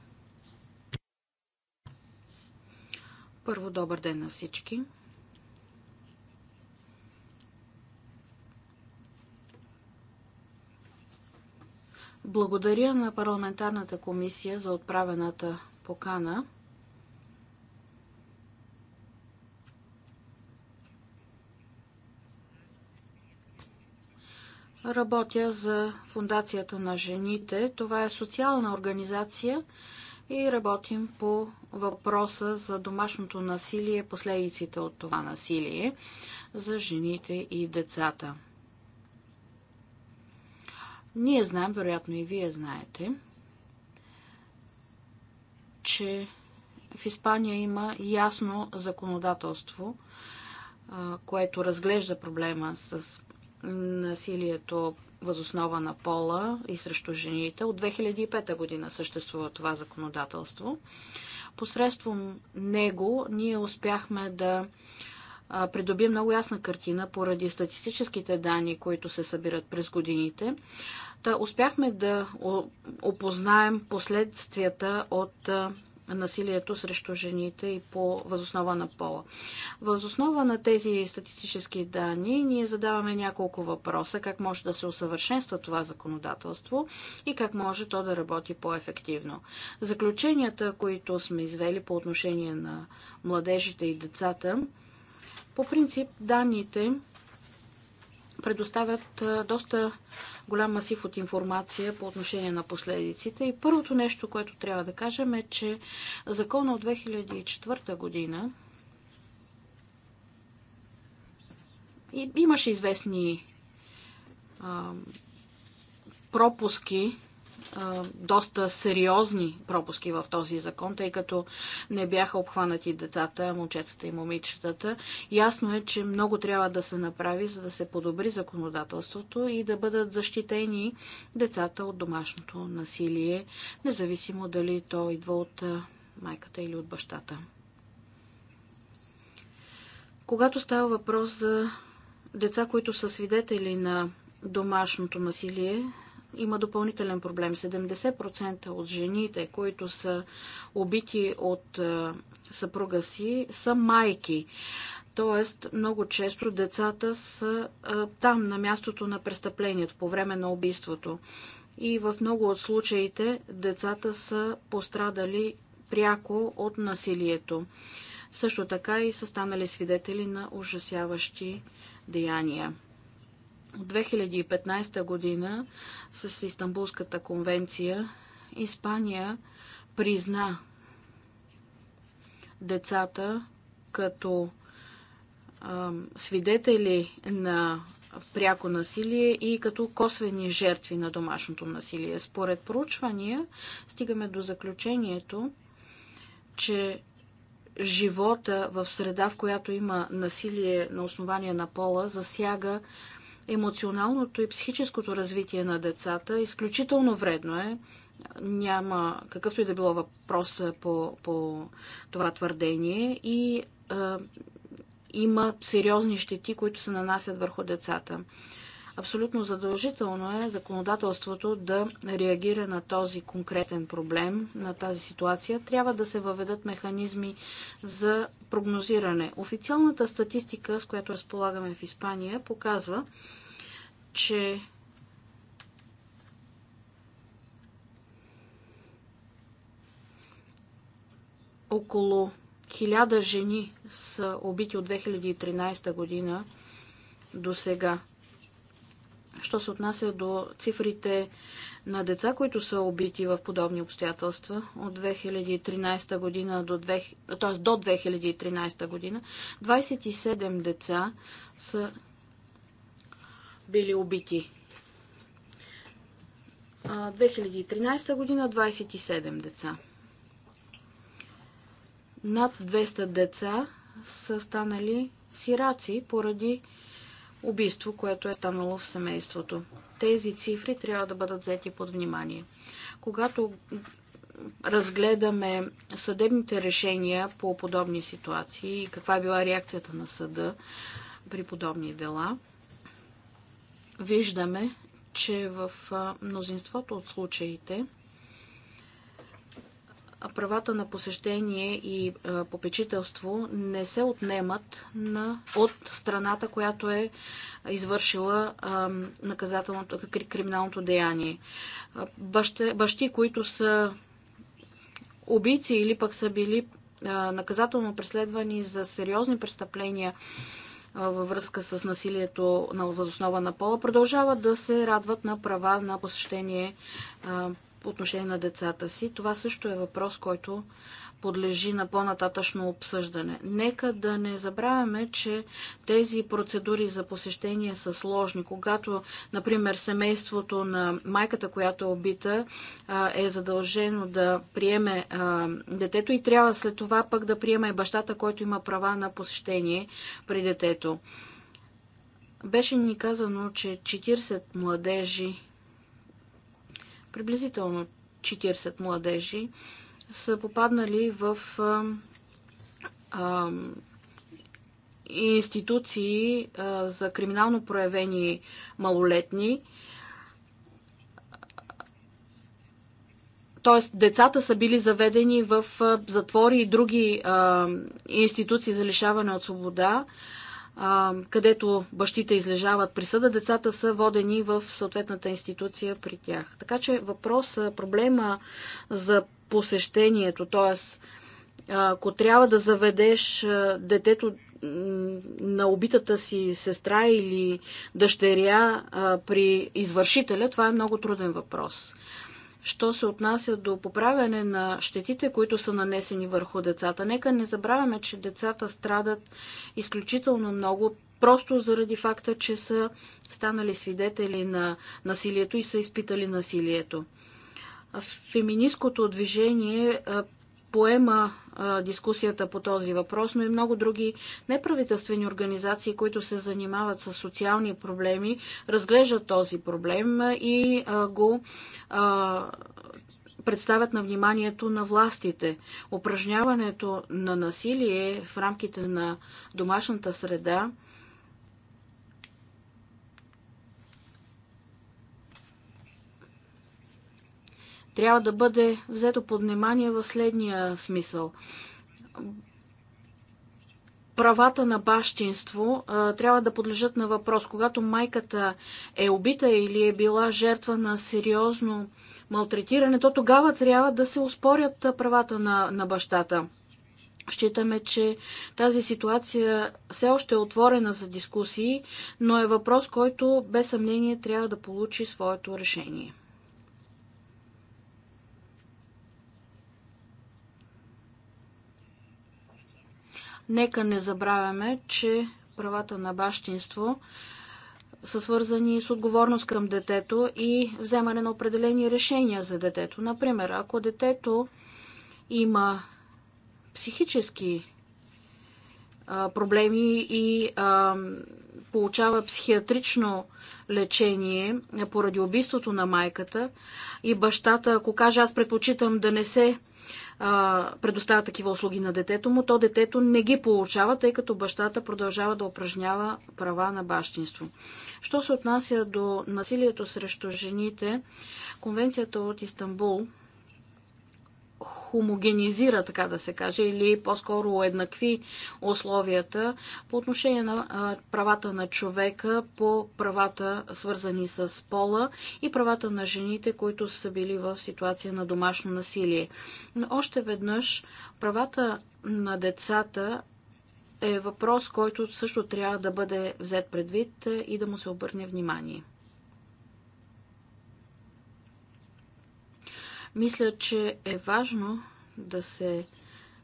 Първо, добър ден на всички. Благодаря на парламентарната комисия за отправената покана. Работя за Фундацията на жените. Това е социална организация и работим по въпроса за домашното насилие, последиците от това насилие за жените и децата. Ние знаем, вероятно и вие знаете, че в Испания има ясно законодателство, което разглежда проблема с насилието възоснова на пола и срещу жените. От 2005 година съществува това законодателство. Посредством него ние успяхме да придобием много ясна картина поради статистическите данни, които се събират през годините. Та успяхме да опознаем последствията от насилието срещу жените и по възоснова на пола. Възоснова на тези статистически данни ние задаваме няколко въпроса как може да се усъвършенства това законодателство и как може то да работи по-ефективно. Заключенията, които сме извели по отношение на младежите и децата, по принцип данните предоставят доста голям масив от информация по отношение на последиците. И първото нещо, което трябва да кажем е, че закона от 2004 година имаше известни а, пропуски доста сериозни пропуски в този закон, тъй като не бяха обхванати децата, момчетата и момичетата. Ясно е, че много трябва да се направи, за да се подобри законодателството и да бъдат защитени децата от домашното насилие, независимо дали то идва от майката или от бащата. Когато става въпрос за деца, които са свидетели на домашното насилие, има допълнителен проблем. 70% от жените, които са убити от е, съпруга си, са майки. Тоест, много често децата са е, там, на мястото на престъплението, по време на убийството. И в много от случаите децата са пострадали пряко от насилието. Също така и са станали свидетели на ужасяващи деяния. От 2015 година с Истанбулската конвенция Испания призна децата като а, свидетели на пряко насилие и като косвени жертви на домашното насилие. Според проучвания стигаме до заключението, че живота в среда, в която има насилие на основание на пола, засяга емоционалното и психическото развитие на децата. Изключително вредно е. Няма какъвто и да било въпрос по, по това твърдение и е, има сериозни щети, които се нанасят върху децата. Абсолютно задължително е законодателството да реагира на този конкретен проблем, на тази ситуация. Трябва да се въведат механизми за прогнозиране. Официалната статистика, с която разполагаме в Испания, показва, че около 1000 жени са убити от 2013 година до сега. Що се отнася до цифрите на деца, които са убити в подобни обстоятелства от 2013 година до, 2, т.е. до 2013 година, 27 деца са били убити. 2013 година 27 деца. Над 200 деца са станали сираци поради убийство, което е станало в семейството. Тези цифри трябва да бъдат взети под внимание. Когато разгледаме съдебните решения по подобни ситуации и каква е била реакцията на съда при подобни дела, виждаме, че в мнозинството от случаите правата на посещение и попечителство не се отнемат на, от страната, която е извършила наказателното, криминалното деяние. Бащи, бащи, които са убийци или пък са били наказателно преследвани за сериозни престъпления във връзка с насилието на възоснова на пола продължават да се радват на права на посещение по отношение на децата си. Това също е въпрос, който подлежи на по-нататъчно обсъждане. Нека да не забравяме, че тези процедури за посещение са сложни. Когато, например, семейството на майката, която е убита, е задължено да приеме детето и трябва след това пък да приеме бащата, който има права на посещение при детето. Беше ни казано, че 40 младежи, приблизително 40 младежи, са попаднали в а, а, институции а, за криминално проявени малолетни. Тоест, децата са били заведени в затвори и други а, институции за лишаване от свобода. А, където бащите излежават присъда, децата са водени в съответната институция при тях. Така че въпрос, проблема за посещението, т.е. ако трябва да заведеш детето на убитата си сестра или дъщеря при извършителя, това е много труден въпрос що се отнася до поправяне на щетите, които са нанесени върху децата. Нека не забравяме, че децата страдат изключително много просто заради факта, че са станали свидетели на насилието и са изпитали насилието. Феминистското движение поема дискусията по този въпрос, но и много други неправителствени организации, които се занимават с социални проблеми, разглеждат този проблем и го представят на вниманието на властите. Упражняването на насилие в рамките на домашната среда трябва да бъде взето под внимание в следния смисъл. Правата на бащинство а, трябва да подлежат на въпрос. Когато майката е убита или е била жертва на сериозно малтретиране, то тогава трябва да се успорят правата на, на бащата. Считаме, че тази ситуация все още е отворена за дискусии, но е въпрос, който без съмнение трябва да получи своето решение. Нека не забравяме, че правата на бащинство са свързани с отговорност към детето и вземане на определени решения за детето. Например, ако детето има психически проблеми и а, получава психиатрично лечение поради убийството на майката и бащата, ако каже аз предпочитам да не се предоставя такива услуги на детето му, то детето не ги получава, тъй като бащата продължава да упражнява права на бащинство. Що се отнася до насилието срещу жените, Конвенцията от Истанбул хомогенизира, така да се каже, или по-скоро еднакви условията по отношение на правата на човека, по правата свързани с пола и правата на жените, които са били в ситуация на домашно насилие. Но още веднъж правата на децата е въпрос, който също трябва да бъде взет предвид и да му се обърне внимание. Мисля, че е важно да се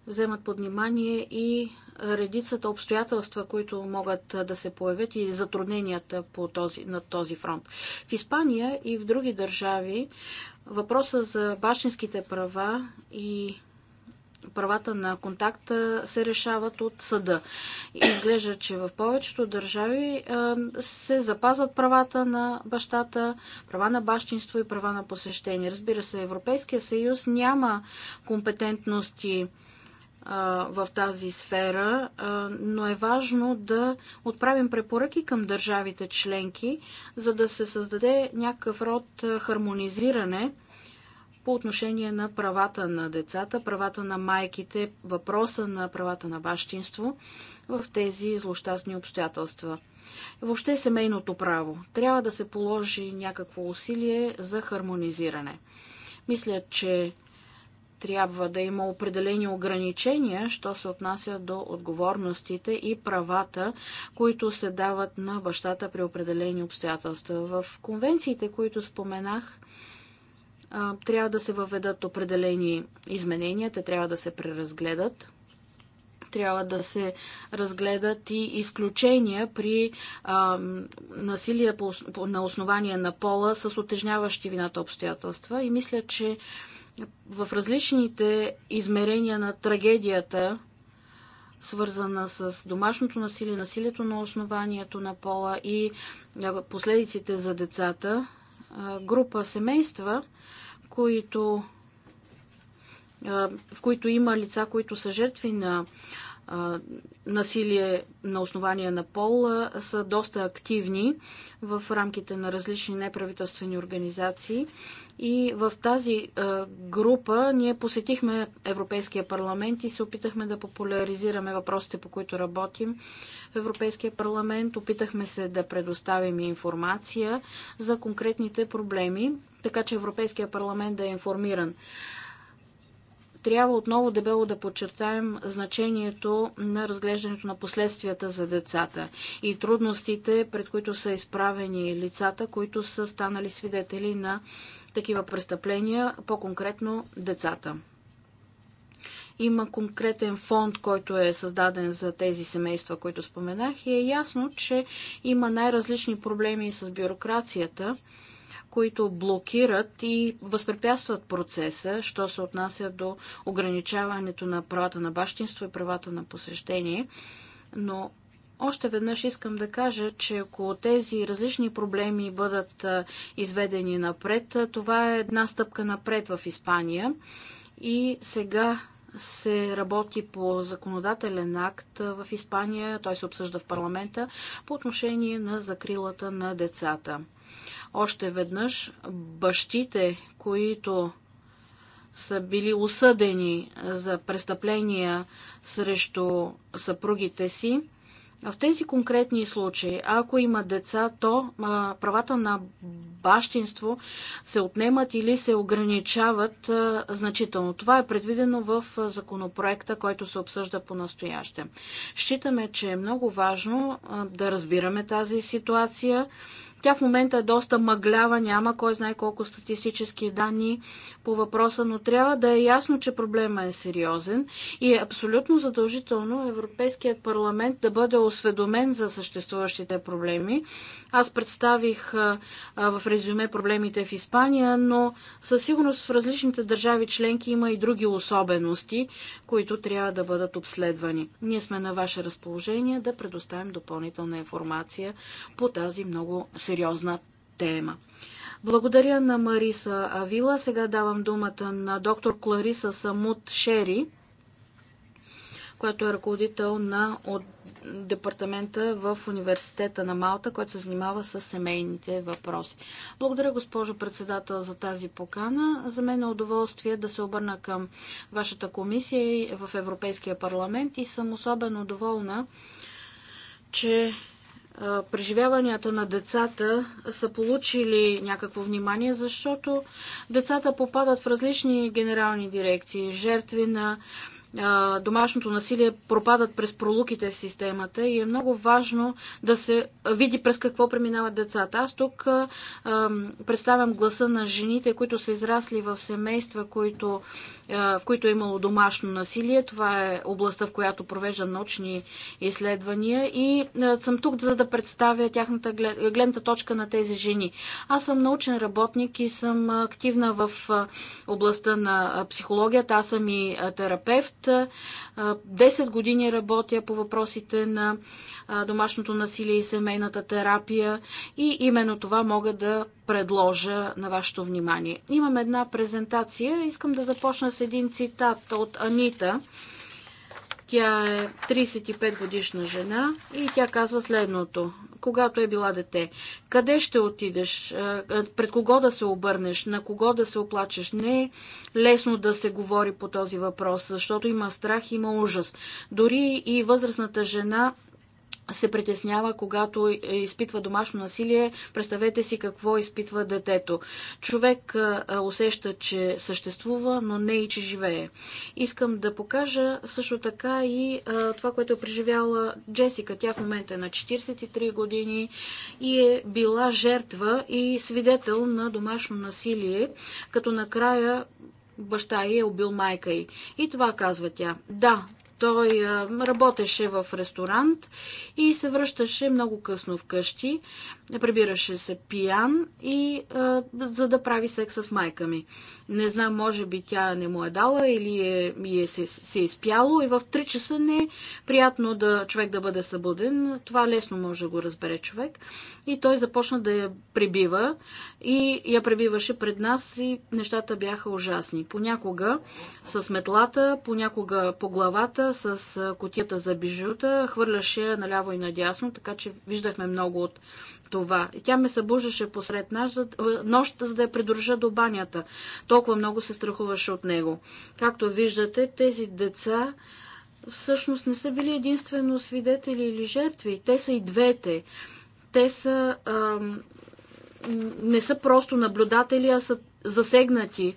вземат под внимание и редицата обстоятелства, които могат да се появят и затрудненията по този, на този фронт. В Испания и в други държави въпроса за бащинските права и правата на контакта се решават от съда. Изглежда, че в повечето държави се запазват правата на бащата, права на бащинство и права на посещение. Разбира се, Европейския съюз няма компетентности в тази сфера, но е важно да отправим препоръки към държавите членки, за да се създаде някакъв род хармонизиране по отношение на правата на децата, правата на майките, въпроса на правата на бащинство в тези злощастни обстоятелства. Въобще семейното право. Трябва да се положи някакво усилие за хармонизиране. Мисля, че трябва да има определени ограничения, що се отнася до отговорностите и правата, които се дават на бащата при определени обстоятелства. В конвенциите, които споменах, трябва да се въведат определени изменения, те трябва да се преразгледат. Трябва да се разгледат и изключения при а, насилие по, по, на основание на пола с отежняващи вината обстоятелства. И мисля, че в различните измерения на трагедията, свързана с домашното насилие, насилието на основанието на пола и последиците за децата, група семейства, които, в които има лица, които са жертви на насилие на основание на пол са доста активни в рамките на различни неправителствени организации и в тази група ние посетихме Европейския парламент и се опитахме да популяризираме въпросите, по които работим в Европейския парламент. Опитахме се да предоставим информация за конкретните проблеми, така че Европейския парламент да е информиран трябва отново дебело да подчертаем значението на разглеждането на последствията за децата и трудностите, пред които са изправени лицата, които са станали свидетели на такива престъпления, по-конкретно децата. Има конкретен фонд, който е създаден за тези семейства, които споменах и е ясно, че има най-различни проблеми с бюрокрацията, които блокират и възпрепятстват процеса, що се отнася до ограничаването на правата на бащинство и правата на посещение. Но още веднъж искам да кажа, че ако тези различни проблеми бъдат изведени напред, това е една стъпка напред в Испания. И сега се работи по законодателен акт в Испания, той се обсъжда в парламента, по отношение на закрилата на децата. Още веднъж бащите, които са били осъдени за престъпления срещу съпругите си, в тези конкретни случаи, ако има деца, то а, правата на бащинство се отнемат или се ограничават а, значително. Това е предвидено в законопроекта, който се обсъжда по настояще. Считаме, че е много важно а, да разбираме тази ситуация тя в момента е доста мъглява, няма кой знае колко статистически данни по въпроса, но трябва да е ясно, че проблема е сериозен и е абсолютно задължително Европейският парламент да бъде осведомен за съществуващите проблеми. Аз представих в резюме проблемите в Испания, но със сигурност в различните държави членки има и други особености, които трябва да бъдат обследвани. Ние сме на ваше разположение да предоставим допълнителна информация по тази много сериозна сериозна тема. Благодаря на Мариса Авила. Сега давам думата на доктор Клариса Самут Шери, която е ръководител на от департамента в университета на Малта, който се занимава с семейните въпроси. Благодаря, госпожо председател, за тази покана. За мен е удоволствие да се обърна към вашата комисия в Европейския парламент и съм особено доволна, че преживяванията на децата са получили някакво внимание, защото децата попадат в различни генерални дирекции, жертви на домашното насилие пропадат през пролуките в системата и е много важно да се види през какво преминават децата. Аз тук представям гласа на жените, които са израсли в семейства, които, в които е имало домашно насилие. Това е областта, в която провеждам научни изследвания и съм тук, за да представя тяхната гледната точка на тези жени. Аз съм научен работник и съм активна в областта на психологията. Аз съм и терапевт 10 години работя по въпросите на домашното насилие и семейната терапия и именно това мога да предложа на вашето внимание. Имам една презентация. Искам да започна с един цитат от Анита. Тя е 35 годишна жена и тя казва следното. Когато е била дете, къде ще отидеш, е, е, пред кого да се обърнеш, на кого да се оплачеш. Не е лесно да се говори по този въпрос, защото има страх, има ужас. Дори и възрастната жена се притеснява, когато изпитва домашно насилие. Представете си какво изпитва детето. Човек усеща, че съществува, но не и че живее. Искам да покажа също така и това, което е преживяла Джесика. Тя в момента е на 43 години и е била жертва и свидетел на домашно насилие, като накрая баща й е убил майка й. И това казва тя. Да, той работеше в ресторант и се връщаше много късно вкъщи. Прибираше се пиян и за да прави секс с майка ми. Не знам, може би тя не му е дала или е, е се, се е изпяло и в 3 часа не е приятно да, човек да бъде събуден. Това лесно може да го разбере човек. И той започна да я прибива и я прибиваше пред нас и нещата бяха ужасни. Понякога с метлата, понякога по главата, с котията за бижута, хвърляше наляво и надясно, така че виждахме много от това. И тя ме събуждаше посред е, нощ, за да я придържа до банята. Толкова много се страхуваше от него. Както виждате, тези деца всъщност не са били единствено свидетели или жертви. Те са и двете. Те са. Ам, не са просто наблюдатели, а са засегнати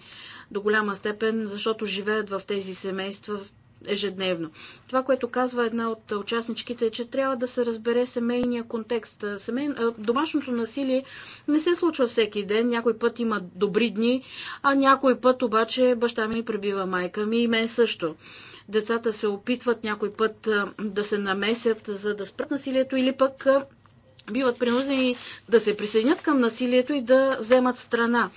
до голяма степен, защото живеят в тези семейства, в ежедневно. Това, което казва една от участничките е, че трябва да се разбере семейния контекст. Семей... Домашното насилие не се случва всеки ден. Някой път има добри дни, а някой път обаче баща ми пребива майка ми и мен също. Децата се опитват някой път да се намесят, за да спрат насилието или пък биват принудени да се присъединят към насилието и да вземат страна.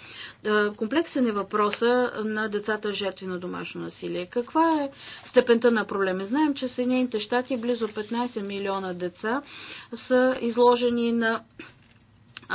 Е, комплексен е въпроса на децата жертви на домашно насилие. Каква е степента на проблеми? Знаем, че в Съединените щати близо 15 милиона деца са изложени на е,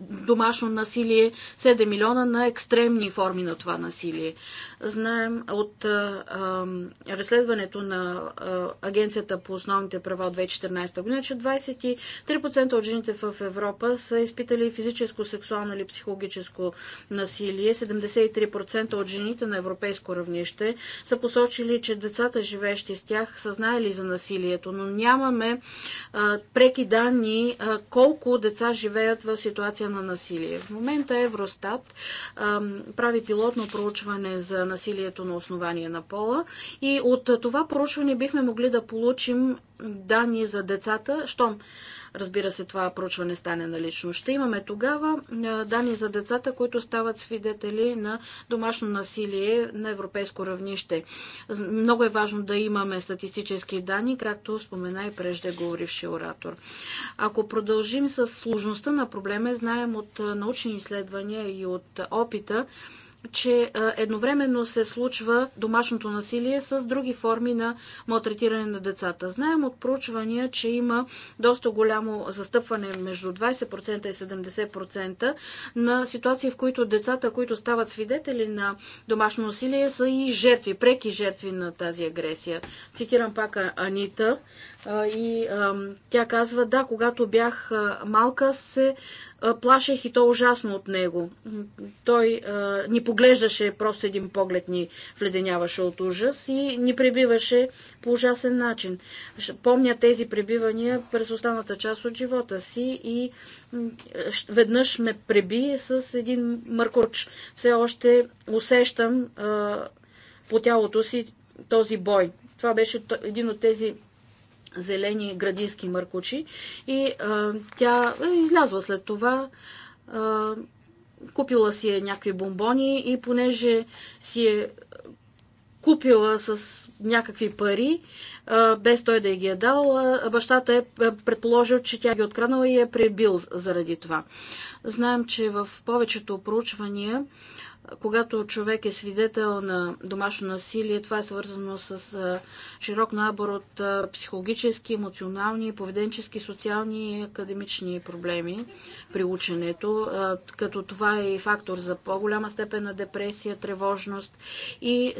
домашно насилие, 7 милиона на екстремни форми на това насилие. Знаем от а, а, разследването на а, Агенцията по основните права от 2014 година, че 23% от жените в Европа са изпитали физическо, сексуално или психологическо насилие. 73% от жените на европейско равнище са посочили, че децата, живеещи с тях, са знаели за насилието, но нямаме а, преки данни а, колко деца живеят в ситуация на насилие. В момента Евростат прави пилотно проучване за насилието на основание на пола и от това проучване бихме могли да получим данни за децата, щом Разбира се, това проучване стане налично. Ще имаме тогава данни за децата, които стават свидетели на домашно насилие на европейско равнище. Много е важно да имаме статистически данни, както спомена и преждеговоривши оратор. Ако продължим с сложността на проблема, знаем от научни изследвания и от опита, че едновременно се случва домашното насилие с други форми на малтретиране на децата. Знаем от проучвания, че има доста голямо застъпване между 20% и 70% на ситуации, в които децата, които стават свидетели на домашно насилие, са и жертви, преки жертви на тази агресия. Цитирам пак Анита и тя казва, да, когато бях малка се плашех и то ужасно от него. Той а, ни поглеждаше, просто един поглед ни вледеняваше от ужас и ни пребиваше по ужасен начин. Помня тези пребивания през останата част от живота си и веднъж ме преби с един мъркоч. Все още усещам а, по тялото си този бой. Това беше един от тези зелени градински мъркучи и а, тя е излязла след това. А, купила си е някакви бомбони и понеже си е купила с някакви пари, без той да е ги е дал, бащата е, е предположил, че тя ги е откраднала и е пребил заради това. Знаем, че в повечето проучвания когато човек е свидетел на домашно насилие, това е свързано с широк набор от психологически, емоционални, поведенчески, социални и академични проблеми при ученето, като това е и фактор за по-голяма степен на депресия, тревожност и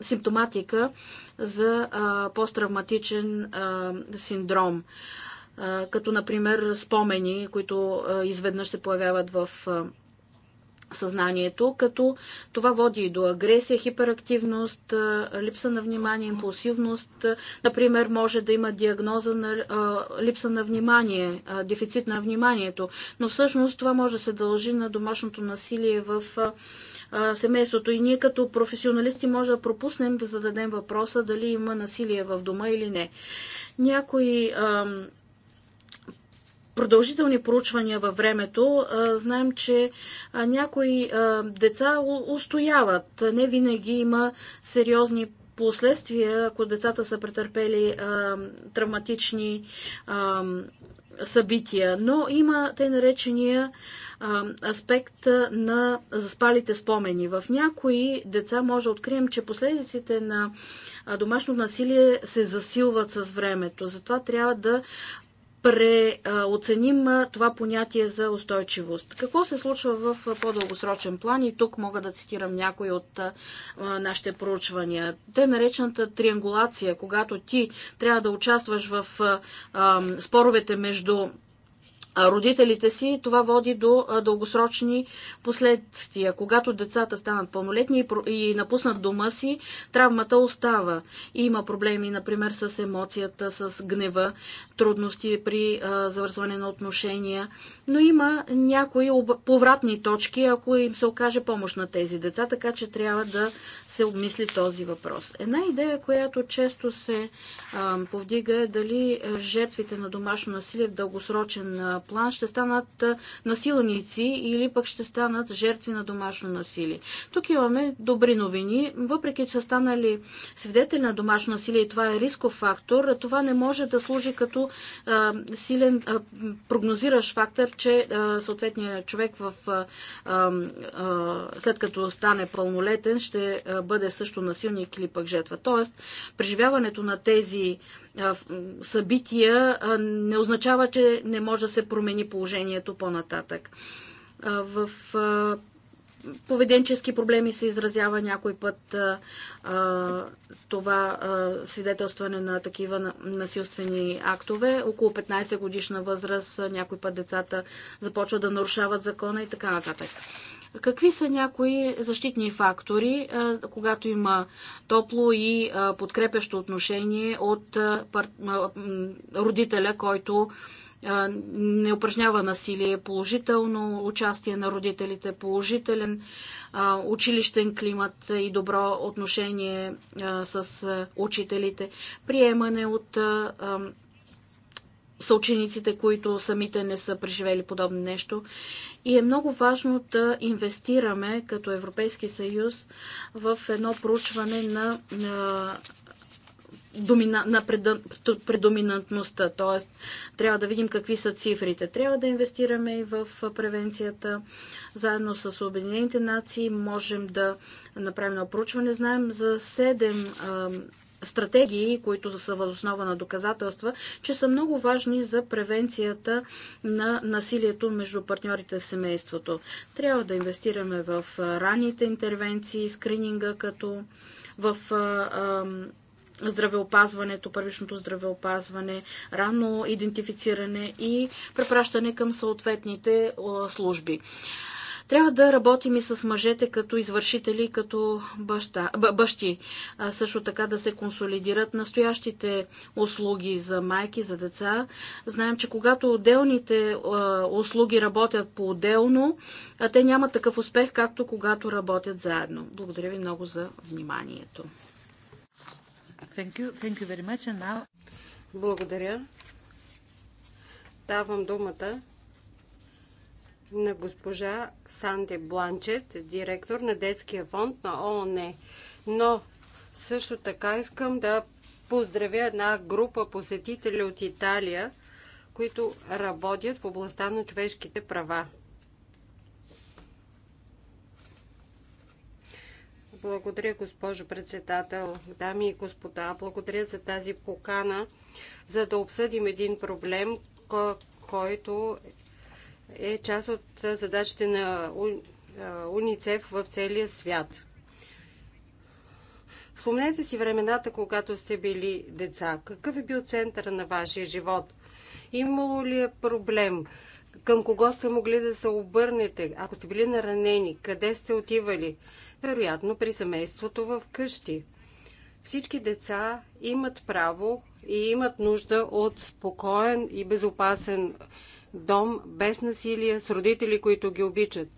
симптоматика за посттравматичен синдром като например спомени, които изведнъж се появяват в съзнанието, като това води и до агресия, хиперактивност, липса на внимание, импулсивност. Например, може да има диагноза на липса на внимание, дефицит на вниманието. Но всъщност това може да се дължи на домашното насилие в семейството. И ние като професионалисти може да пропуснем да зададем въпроса дали има насилие в дома или не. Някои продължителни проучвания във времето, знаем, че някои деца устояват. Не винаги има сериозни последствия, ако децата са претърпели травматични събития, но има те наречения аспект на заспалите спомени. В някои деца може да открием, че последиците на домашно насилие се засилват с времето. Затова трябва да преоценим това понятие за устойчивост. Какво се случва в по-дългосрочен план? И тук мога да цитирам някои от нашите проучвания. Те наречената триангулация, когато ти трябва да участваш в споровете между родителите си, това води до дългосрочни последствия. Когато децата станат пълнолетни и напуснат дома си, травмата остава. Има проблеми, например, с емоцията, с гнева, трудности при завързване на отношения, но има някои повратни точки, ако им се окаже помощ на тези деца, така че трябва да се обмисли този въпрос. Една идея, която често се повдига е дали жертвите на домашно насилие в дългосрочен план ще станат насилници или пък ще станат жертви на домашно насилие. Тук имаме добри новини. Въпреки, че са станали свидетели на домашно насилие и това е рисков фактор, това не може да служи като а, силен а, прогнозиращ фактор, че а, съответният човек в, а, а, след като стане пълнолетен ще бъде също насилник или пък жертва. Тоест, преживяването на тези събития не означава, че не може да се промени положението по-нататък. В поведенчески проблеми се изразява някой път това свидетелстване на такива насилствени актове. Около 15 годишна възраст някой път децата започват да нарушават закона и така нататък. Какви са някои защитни фактори, когато има топло и подкрепящо отношение от родителя, който не упражнява насилие, положително участие на родителите, положителен училищен климат и добро отношение с учителите, приемане от са учениците, които самите не са преживели подобно нещо. И е много важно да инвестираме като Европейски съюз в едно проучване на, на домина, на предоминантността. Т.е. трябва да видим какви са цифрите. Трябва да инвестираме и в превенцията. Заедно с Обединените нации можем да направим на проучване. Знаем за 7 стратегии, които са възоснова на доказателства, че са много важни за превенцията на насилието между партньорите в семейството. Трябва да инвестираме в ранните интервенции, скрининга като в здравеопазването, първичното здравеопазване, рано идентифициране и препращане към съответните служби. Трябва да работим и с мъжете като извършители, като баща, бащи. А също така да се консолидират настоящите услуги за майки, за деца. Знаем, че когато отделните услуги работят по-отделно, те нямат такъв успех, както когато работят заедно. Благодаря ви много за вниманието. Thank you. Thank you now... Благодаря. Давам думата на госпожа Санде Бланчет, директор на Детския фонд на ООН. Но също така искам да поздравя една група посетители от Италия, които работят в областта на човешките права. Благодаря, госпожо председател, дами и господа. Благодаря за тази покана, за да обсъдим един проблем, който е част от задачите на УНИЦЕФ в целия свят. Спомнете си времената, когато сте били деца. Какъв е бил центъра на вашия живот? Имало ли е проблем? Към кого сте могли да се обърнете? Ако сте били наранени, къде сте отивали? Вероятно при семейството в къщи. Всички деца имат право и имат нужда от спокоен и безопасен дом без насилие, с родители, които ги обичат.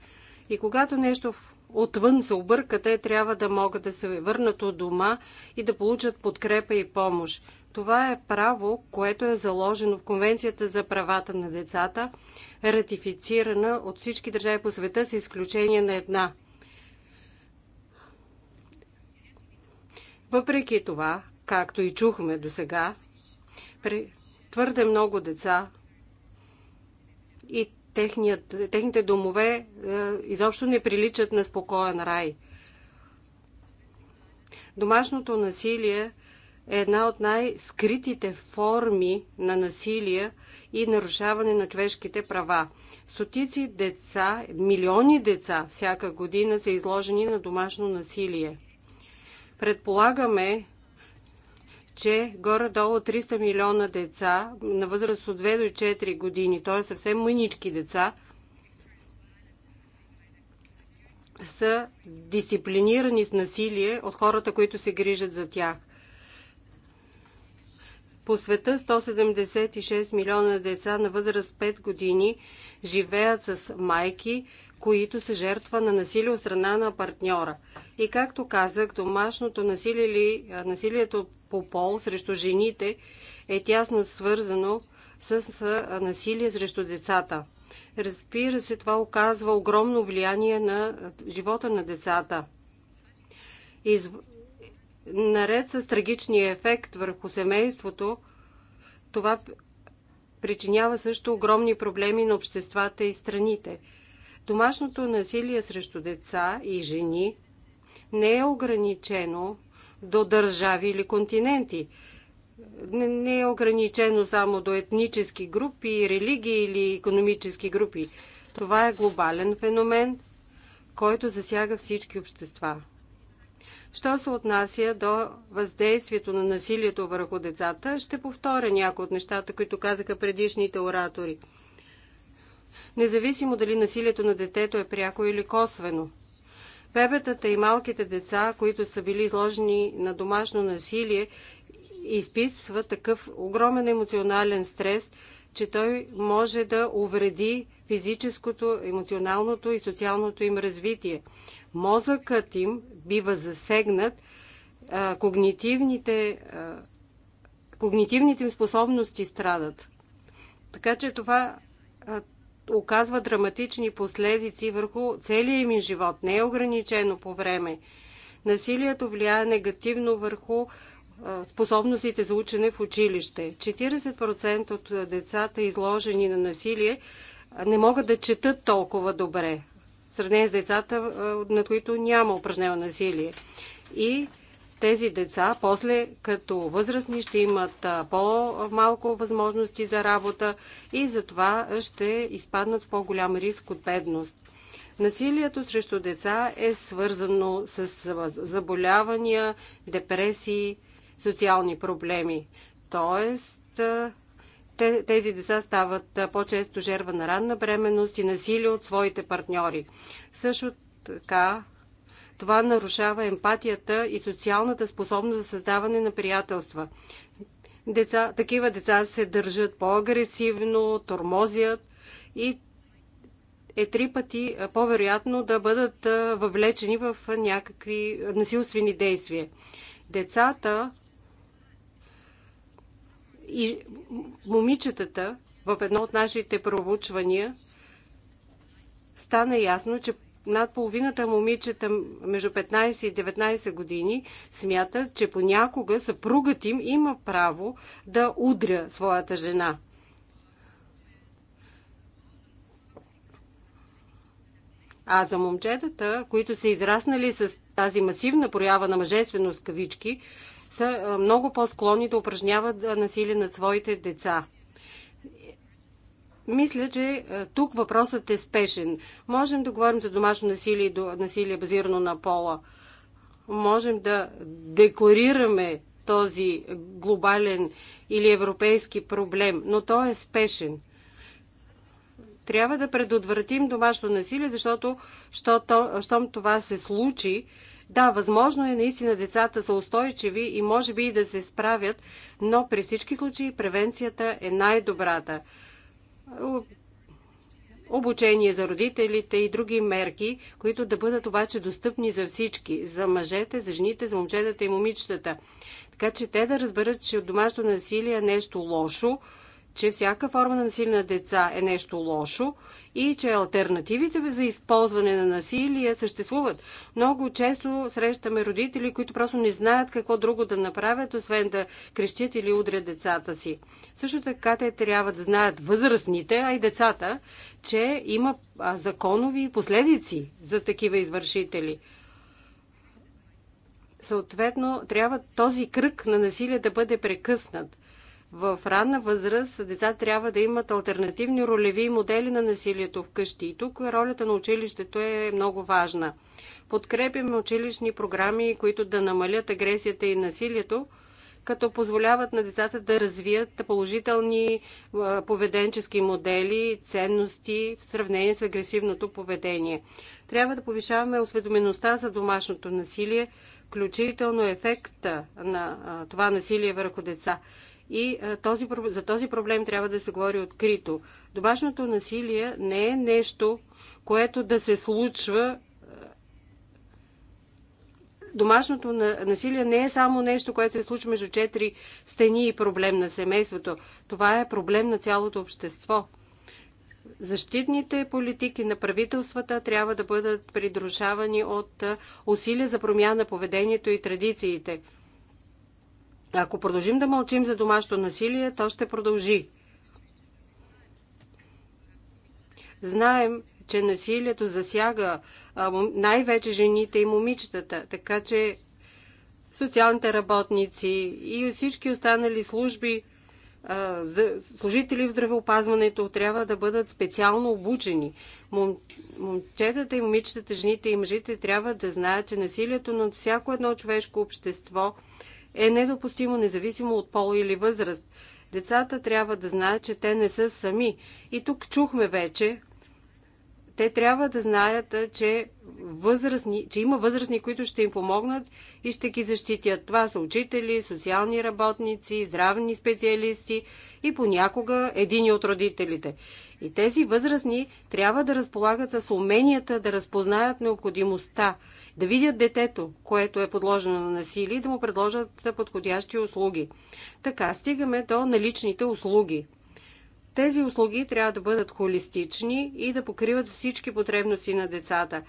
И когато нещо отвън се обърка, те трябва да могат да се върнат от дома и да получат подкрепа и помощ. Това е право, което е заложено в Конвенцията за правата на децата, ратифицирана от всички държави по света, с изключение на една. Въпреки това, както и чухме до сега, твърде много деца и техният, техните домове е, изобщо не приличат на спокоен рай. Домашното насилие е една от най-скритите форми на насилие и нарушаване на човешките права. Стотици деца, милиони деца всяка година са изложени на домашно насилие. Предполагаме, че горе-долу 300 милиона деца на възраст от 2 до 4 години, т.е. съвсем мънички деца, са дисциплинирани с насилие от хората, които се грижат за тях. По света 176 милиона деца на възраст 5 години живеят с майки, които са жертва на насилие от страна на партньора. И както казах, домашното насилие или насилието по пол срещу жените е тясно свързано с насилие срещу децата. Разбира се, това оказва огромно влияние на живота на децата. Из... Наред с трагичния ефект върху семейството, това причинява също огромни проблеми на обществата и страните. Домашното насилие срещу деца и жени не е ограничено до държави или континенти. Не е ограничено само до етнически групи, религии или економически групи. Това е глобален феномен, който засяга всички общества. Що се отнася до въздействието на насилието върху децата, ще повторя някои от нещата, които казаха предишните оратори. Независимо дали насилието на детето е пряко или косвено – бебетата и малките деца, които са били изложени на домашно насилие, изпитва такъв огромен емоционален стрес, че той може да увреди физическото, емоционалното и социалното им развитие. Мозъкът им бива засегнат, когнитивните, когнитивните им способности страдат. Така че това, оказва драматични последици върху целия им живот. Не е ограничено по време. Насилието влияе негативно върху способностите за учене в училище. 40% от децата, изложени на насилие, не могат да четат толкова добре, в сравнение с децата, над които няма упражнено насилие. И тези деца после като възрастни ще имат по-малко възможности за работа и затова ще изпаднат в по-голям риск от бедност. Насилието срещу деца е свързано с заболявания, депресии, социални проблеми. Тоест, тези деца стават по-често жертва на ранна бременност и насилие от своите партньори. Също така, това нарушава емпатията и социалната способност за създаване на приятелства. Деца, такива деца се държат по-агресивно, тормозят и е три пъти по-вероятно да бъдат въвлечени в някакви насилствени действия. Децата и момичетата в едно от нашите проучвания стана ясно, че над половината момичета между 15 и 19 години смятат, че понякога съпругът им има право да удря своята жена. А за момчетата, които са израснали с тази масивна проява на мъжественост, кавички, са много по-склонни да упражняват насилие над своите деца. Мисля, че е, тук въпросът е спешен. Можем да говорим за домашно насилие и насилие базирано на пола. Можем да декларираме този глобален или европейски проблем, но той е спешен. Трябва да предотвратим домашно насилие, защото щом това се случи, да, възможно е наистина децата са устойчиви и може би и да се справят, но при всички случаи превенцията е най-добрата обучение за родителите и други мерки, които да бъдат обаче достъпни за всички, за мъжете, за жените, за момчетата и момичетата. Така че те да разберат, че домашно насилие е нещо лошо, че всяка форма на насилие на деца е нещо лошо и че альтернативите за използване на насилие съществуват. Много често срещаме родители, които просто не знаят какво друго да направят, освен да крещят или удрят децата си. Също така те трябва да знаят възрастните, а и децата, че има законови последици за такива извършители. Съответно, трябва този кръг на насилие да бъде прекъснат в ранна възраст деца трябва да имат альтернативни ролеви модели на насилието вкъщи. И тук ролята на училището е много важна. Подкрепяме училищни програми, които да намалят агресията и насилието, като позволяват на децата да развият положителни поведенчески модели, ценности в сравнение с агресивното поведение. Трябва да повишаваме осведомеността за домашното насилие, включително ефекта на това насилие върху деца и този, за този проблем трябва да се говори открито. Домашното насилие не е нещо, което да се случва. Домашното насилие не е само нещо, което се случва между четири стени и проблем на семейството. Това е проблем на цялото общество. Защитните политики на правителствата трябва да бъдат придружавани от усилия за промяна на поведението и традициите – ако продължим да мълчим за домашно насилие, то ще продължи. Знаем, че насилието засяга най-вече жените и момичетата, така че социалните работници и всички останали служби, служители в здравеопазването трябва да бъдат специално обучени. Момчетата и момичетата, жените и мъжите трябва да знаят, че насилието на всяко едно човешко общество е недопустимо независимо от пол или възраст. Децата трябва да знаят, че те не са сами. И тук чухме вече, те трябва да знаят, че възрастни, че има възрастни, които ще им помогнат и ще ги защитят. Това са учители, социални работници, здравни специалисти и понякога едини от родителите. И тези възрастни трябва да разполагат с уменията да разпознаят необходимостта, да видят детето, което е подложено на насилие и да му предложат подходящи услуги. Така стигаме до наличните услуги. Тези услуги трябва да бъдат холистични и да покриват всички потребности на децата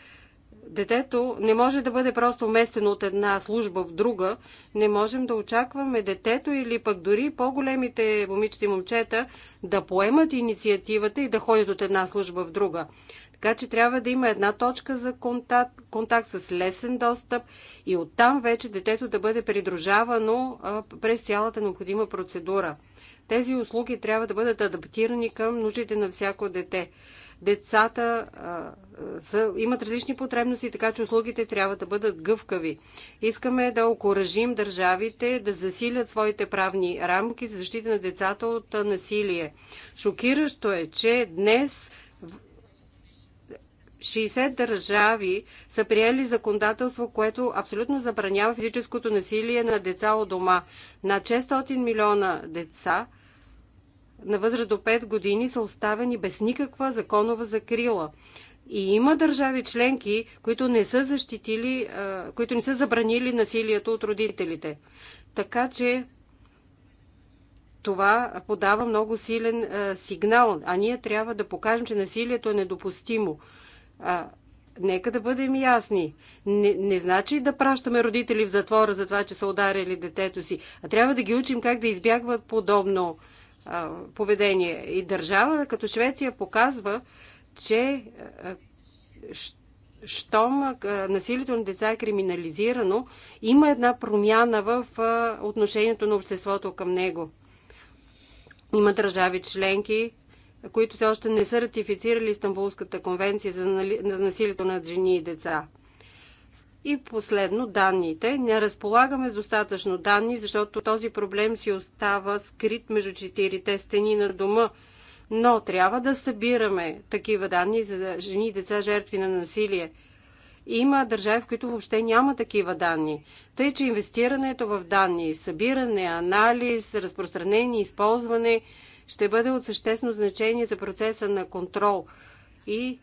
детето не може да бъде просто уместено от една служба в друга. Не можем да очакваме детето или пък дори по-големите момичета и момчета да поемат инициативата и да ходят от една служба в друга. Така че трябва да има една точка за контакт, контакт с лесен достъп и оттам вече детето да бъде придружавано през цялата необходима процедура. Тези услуги трябва да бъдат адаптирани към нуждите на всяко дете. Децата а, са, имат различни потребности, така че услугите трябва да бъдат гъвкави. Искаме да окоръжим държавите да засилят своите правни рамки за защита на децата от насилие. Шокиращо е, че днес 60 държави са приели законодателство, което абсолютно забранява физическото насилие на деца от дома. На 600 милиона деца – на възраст до 5 години са оставени без никаква законова закрила. И има държави членки, които не са защитили, които не са забранили насилието от родителите. Така че това подава много силен сигнал, а ние трябва да покажем, че насилието е недопустимо. Нека да бъдем ясни. Не, не значи да пращаме родители в затвора за това, че са ударили детето си, а трябва да ги учим как да избягват подобно поведение. И държава като Швеция показва, че щом насилието на деца е криминализирано, има една промяна в отношението на обществото към него. Има държави членки, които все още не са ратифицирали Истанбулската конвенция за нали, насилието над жени и деца. И последно, данните. Не разполагаме с достатъчно данни, защото този проблем си остава скрит между четирите стени на дома. Но трябва да събираме такива данни за жени и деца жертви на насилие. Има държави, в които въобще няма такива данни. Тъй, че инвестирането в данни, събиране, анализ, разпространение, използване ще бъде от съществено значение за процеса на контрол и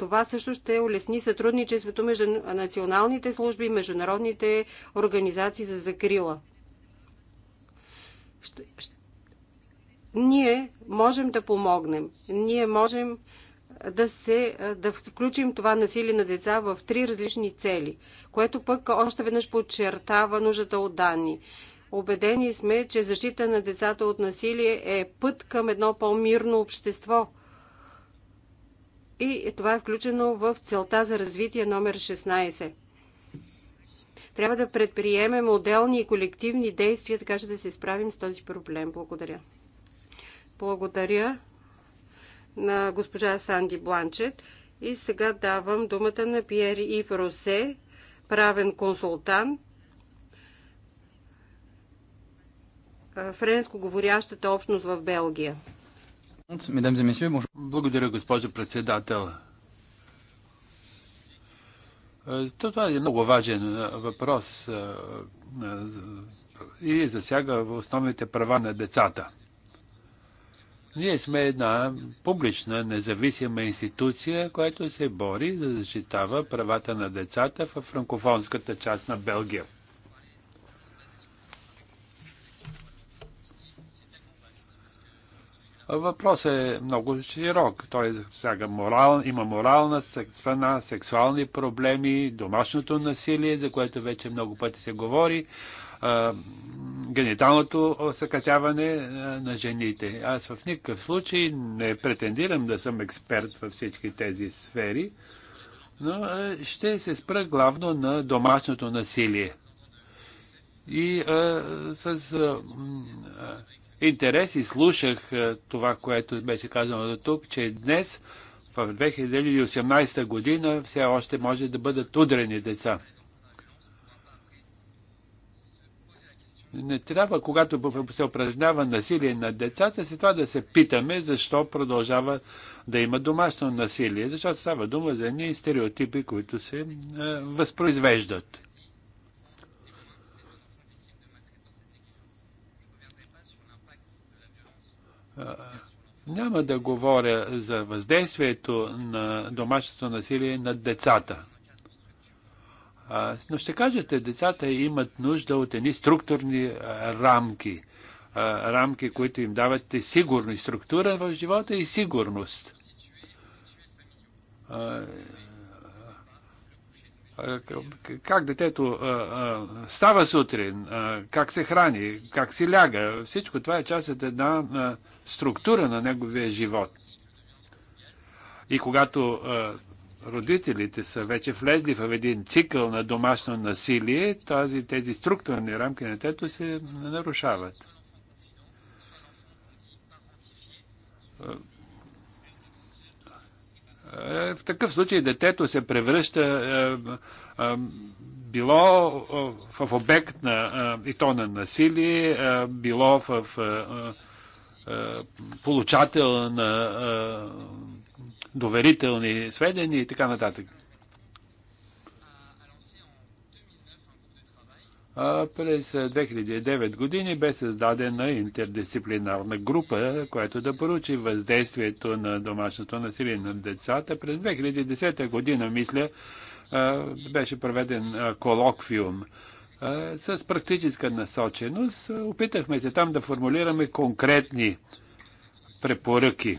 това също ще улесни сътрудничеството между националните служби и международните организации за закрила. Ние можем да помогнем. Ние можем да, се, да включим това насилие на деца в три различни цели, което пък още веднъж подчертава нуждата от данни. Обедени сме, че защита на децата от насилие е път към едно по-мирно общество – и това е включено в целта за развитие номер 16. Трябва да предприемем отделни и колективни действия, така че да се справим с този проблем. Благодаря. Благодаря на госпожа Санди Бланчет. И сега давам думата на Пьер Ив Росе, правен консултант френско говорящата общност в Белгия. Благодаря, госпожо председател. Е, това е много важен е, въпрос е, и засяга в основните права на децата. Ние сме една публична, независима институция, която се бори да защитава правата на децата в франкофонската част на Белгия. Въпросът е много широк. Той сега морал, има морална страна, сексуални проблеми, домашното насилие, за което вече много пъти се говори, гениталното съкачаване на жените. Аз в никакъв случай не претендирам да съм експерт във всички тези сфери, но ще се спра главно на домашното насилие. И а, с а, интерес и слушах е, това, което беше казано до тук, че днес, в 2018 година, все още може да бъдат удрени деца. Не трябва, когато се упражнява насилие на децата, след това да се питаме защо продължава да има домашно насилие, защото става дума за едни стереотипи, които се е, възпроизвеждат. Няма да говоря за въздействието на домашното насилие над децата. Но ще кажете, децата имат нужда от едни структурни рамки. Рамки, които им дават сигурност, структура в живота и сигурност как детето става сутрин, как се храни, как си ляга. Всичко това е част от една структура на неговия живот. И когато родителите са вече влезли в един цикъл на домашно насилие, тази, тези структурни рамки на детето се нарушават. Е, в такъв случай детето се превръща е, е, било в обект на и то на насилие, било в получател на доверителни сведения и така нататък. През 2009 години бе създадена интердисциплинарна група, която да поручи въздействието на домашното насилие на децата. През 2010 година, мисля, беше проведен колоквиум с практическа насоченост. Опитахме се там да формулираме конкретни препоръки.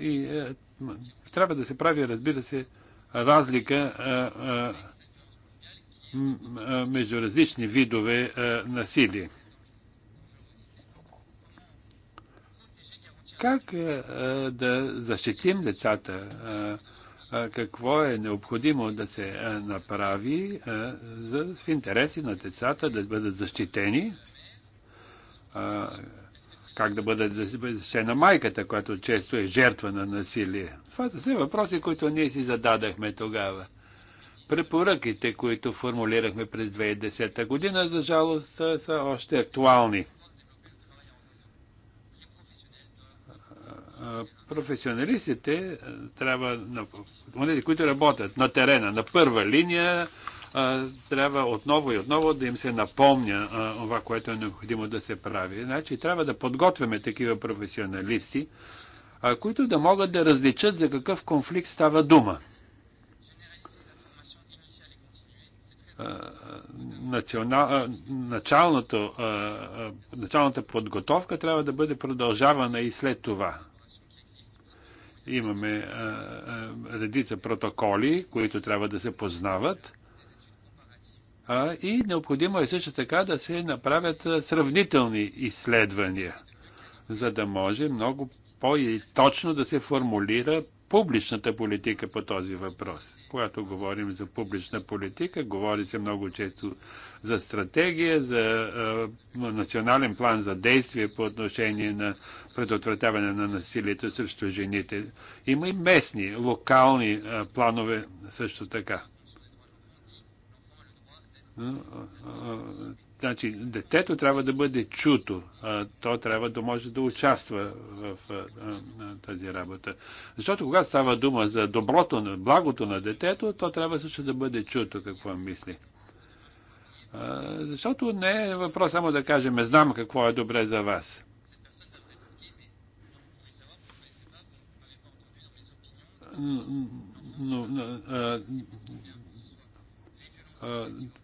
И е, трябва да се прави, разбира се, разлика между различни видове насилие. Как да защитим децата? Какво е необходимо да се направи в интереси на децата да бъдат защитени? Как да бъде на майката, която често е жертва на насилие? Това са все въпроси, които ние си зададахме тогава. Препоръките, които формулирахме през 2010 година, за жалост са, са още актуални. професионалистите трябва, тези, които работят на терена, на първа линия, трябва отново и отново да им се напомня това, което е необходимо да се прави. Значи трябва да подготвяме такива професионалисти, които да могат да различат за какъв конфликт става дума. началното, началната подготовка трябва да бъде продължавана и след това. Имаме редица протоколи, които трябва да се познават. и необходимо е също така да се направят сравнителни изследвания, за да може много по-точно е да се формулира публичната политика по този въпрос. Когато говорим за публична политика, говори се много често за стратегия, за а, национален план за действие по отношение на предотвратяване на насилието срещу жените. Има и местни, локални а, планове също така. Значи, детето трябва да бъде чуто. А, то трябва да може да участва в, а, а, тази работа. Защото когато става дума за доброто, на благото на детето, то трябва също да бъде чуто какво мисли. А, защото не е въпрос само да кажем, знам какво е добре за вас. Но, но, а,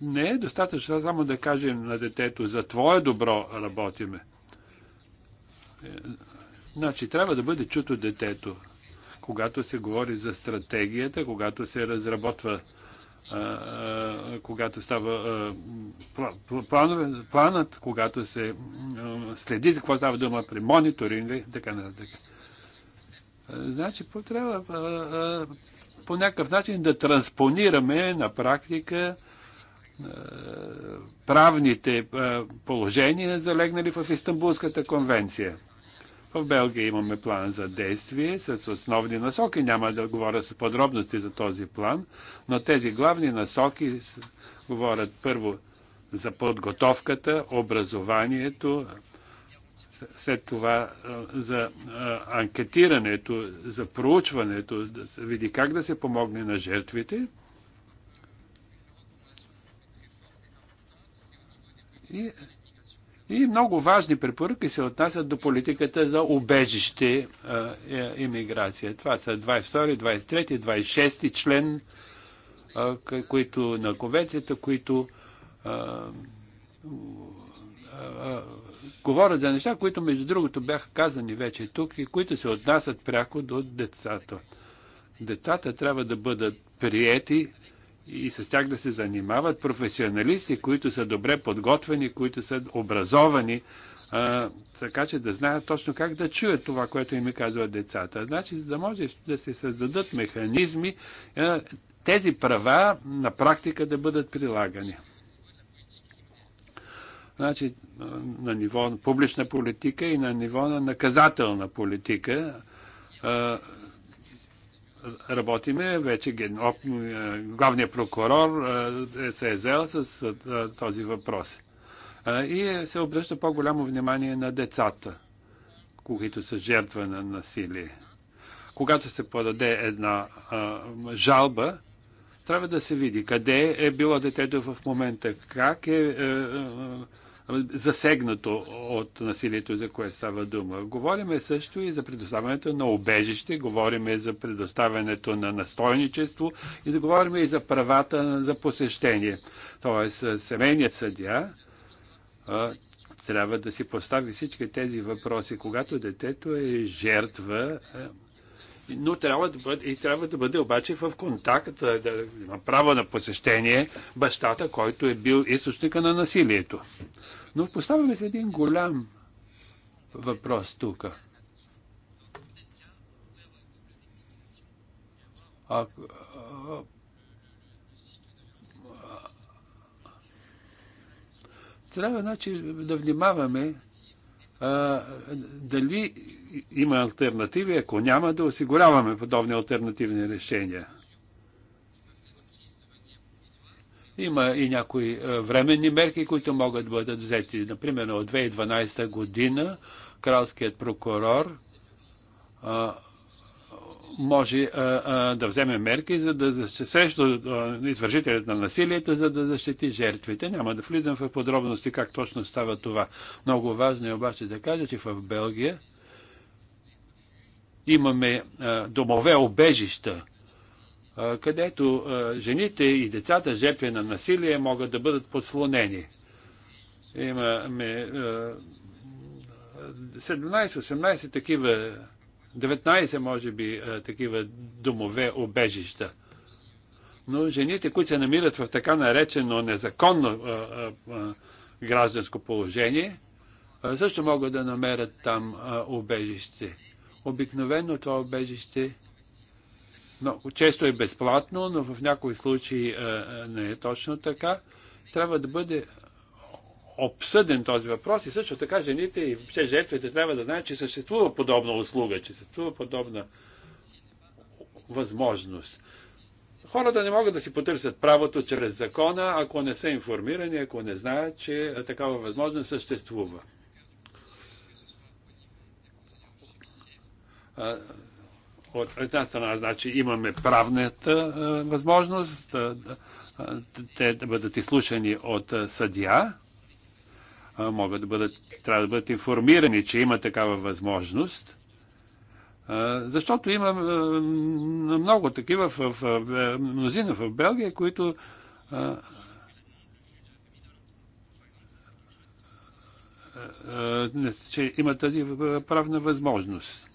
не е достатъчно само да кажем на детето за твое добро работиме. Е, значи трябва да бъде чуто детето. Когато се говори за стратегията, когато се разработва когато става планове, планът, когато се следи за какво става дума при мониторинга и така нататък. Значи трябва по някакъв начин да транспонираме на практика правните е, положения, залегнали в Истанбулската конвенция. В Белгия имаме план за действие с основни насоки. Няма да говоря с подробности за този план, но тези главни насоки говорят първо за подготовката, образованието, след това е, за е, анкетирането, за проучването, да се види как да се помогне на жертвите, И, и много важни препоръки се отнасят до политиката за убежище е, иммиграция. Това са 22, 23, 26 член а, които, на конвенцията, които а, а, говорят за неща, които между другото бяха казани вече тук и които се отнасят пряко до децата. Децата трябва да бъдат приети и с тях да се занимават професионалисти, които са добре подготвени, които са образовани, а, така че да знаят точно как да чуят това, което им казват децата. Значи, за да може да се създадат механизми, а, тези права на практика да бъдат прилагани. Значи, на ниво на публична политика и на ниво на наказателна политика а, работиме. Вече е, главният прокурор е, е се е взел с този въпрос. И се обръща по-голямо внимание на децата, които са жертва на насилие. Когато се подаде една жалба, трябва да се види къде е било детето в момента, как е, е, е Ами, засегнато от насилието, за което става дума. Говориме също и за предоставянето на обежище, говориме за предоставянето на настойничество и да говориме и за правата за посещение. Тоест, семейният съдя, трябва да си постави всички тези въпроси. Когато детето е жертва, но трябва да бъде, и трябва да бъде обаче в контакт, да има право на посещение бащата, който е бил източника на насилието. Но поставяме се един голям въпрос тук. трябва значи, да внимаваме а, дали има альтернативи, ако няма да осигуряваме подобни альтернативни решения. Има и някои е, временни мерки, които могат да бъдат взети. Например, от 2012 година кралският прокурор е, може е, да вземе мерки за да защити, срещу извършителят на насилието, за да защити жертвите. Няма да влизам в подробности как точно става това. Много важно е обаче да кажа, че в Белгия Имаме домове, обежища, където жените и децата, жертви на насилие, могат да бъдат подслонени. Имаме 17-18 такива, 19 може би такива домове, обежища. Но жените, които се намират в така наречено незаконно гражданско положение, също могат да намерят там убежище. Обикновено това обежище много често е безплатно, но в някои случаи е, е, не е точно така. Трябва да бъде обсъден този въпрос и също така жените и въобще жертвите трябва да знаят, че съществува подобна услуга, че съществува подобна възможност. Хората не могат да си потърсят правото чрез закона, ако не са информирани, ако не знаят, че такава възможност съществува. От една страна, значи, имаме правната възможност те да бъдат изслушани от съдия, могат да бъдат, трябва да бъдат информирани, че има такава възможност, защото има много такива в, в мнозина в Белгия, които че има тази правна възможност.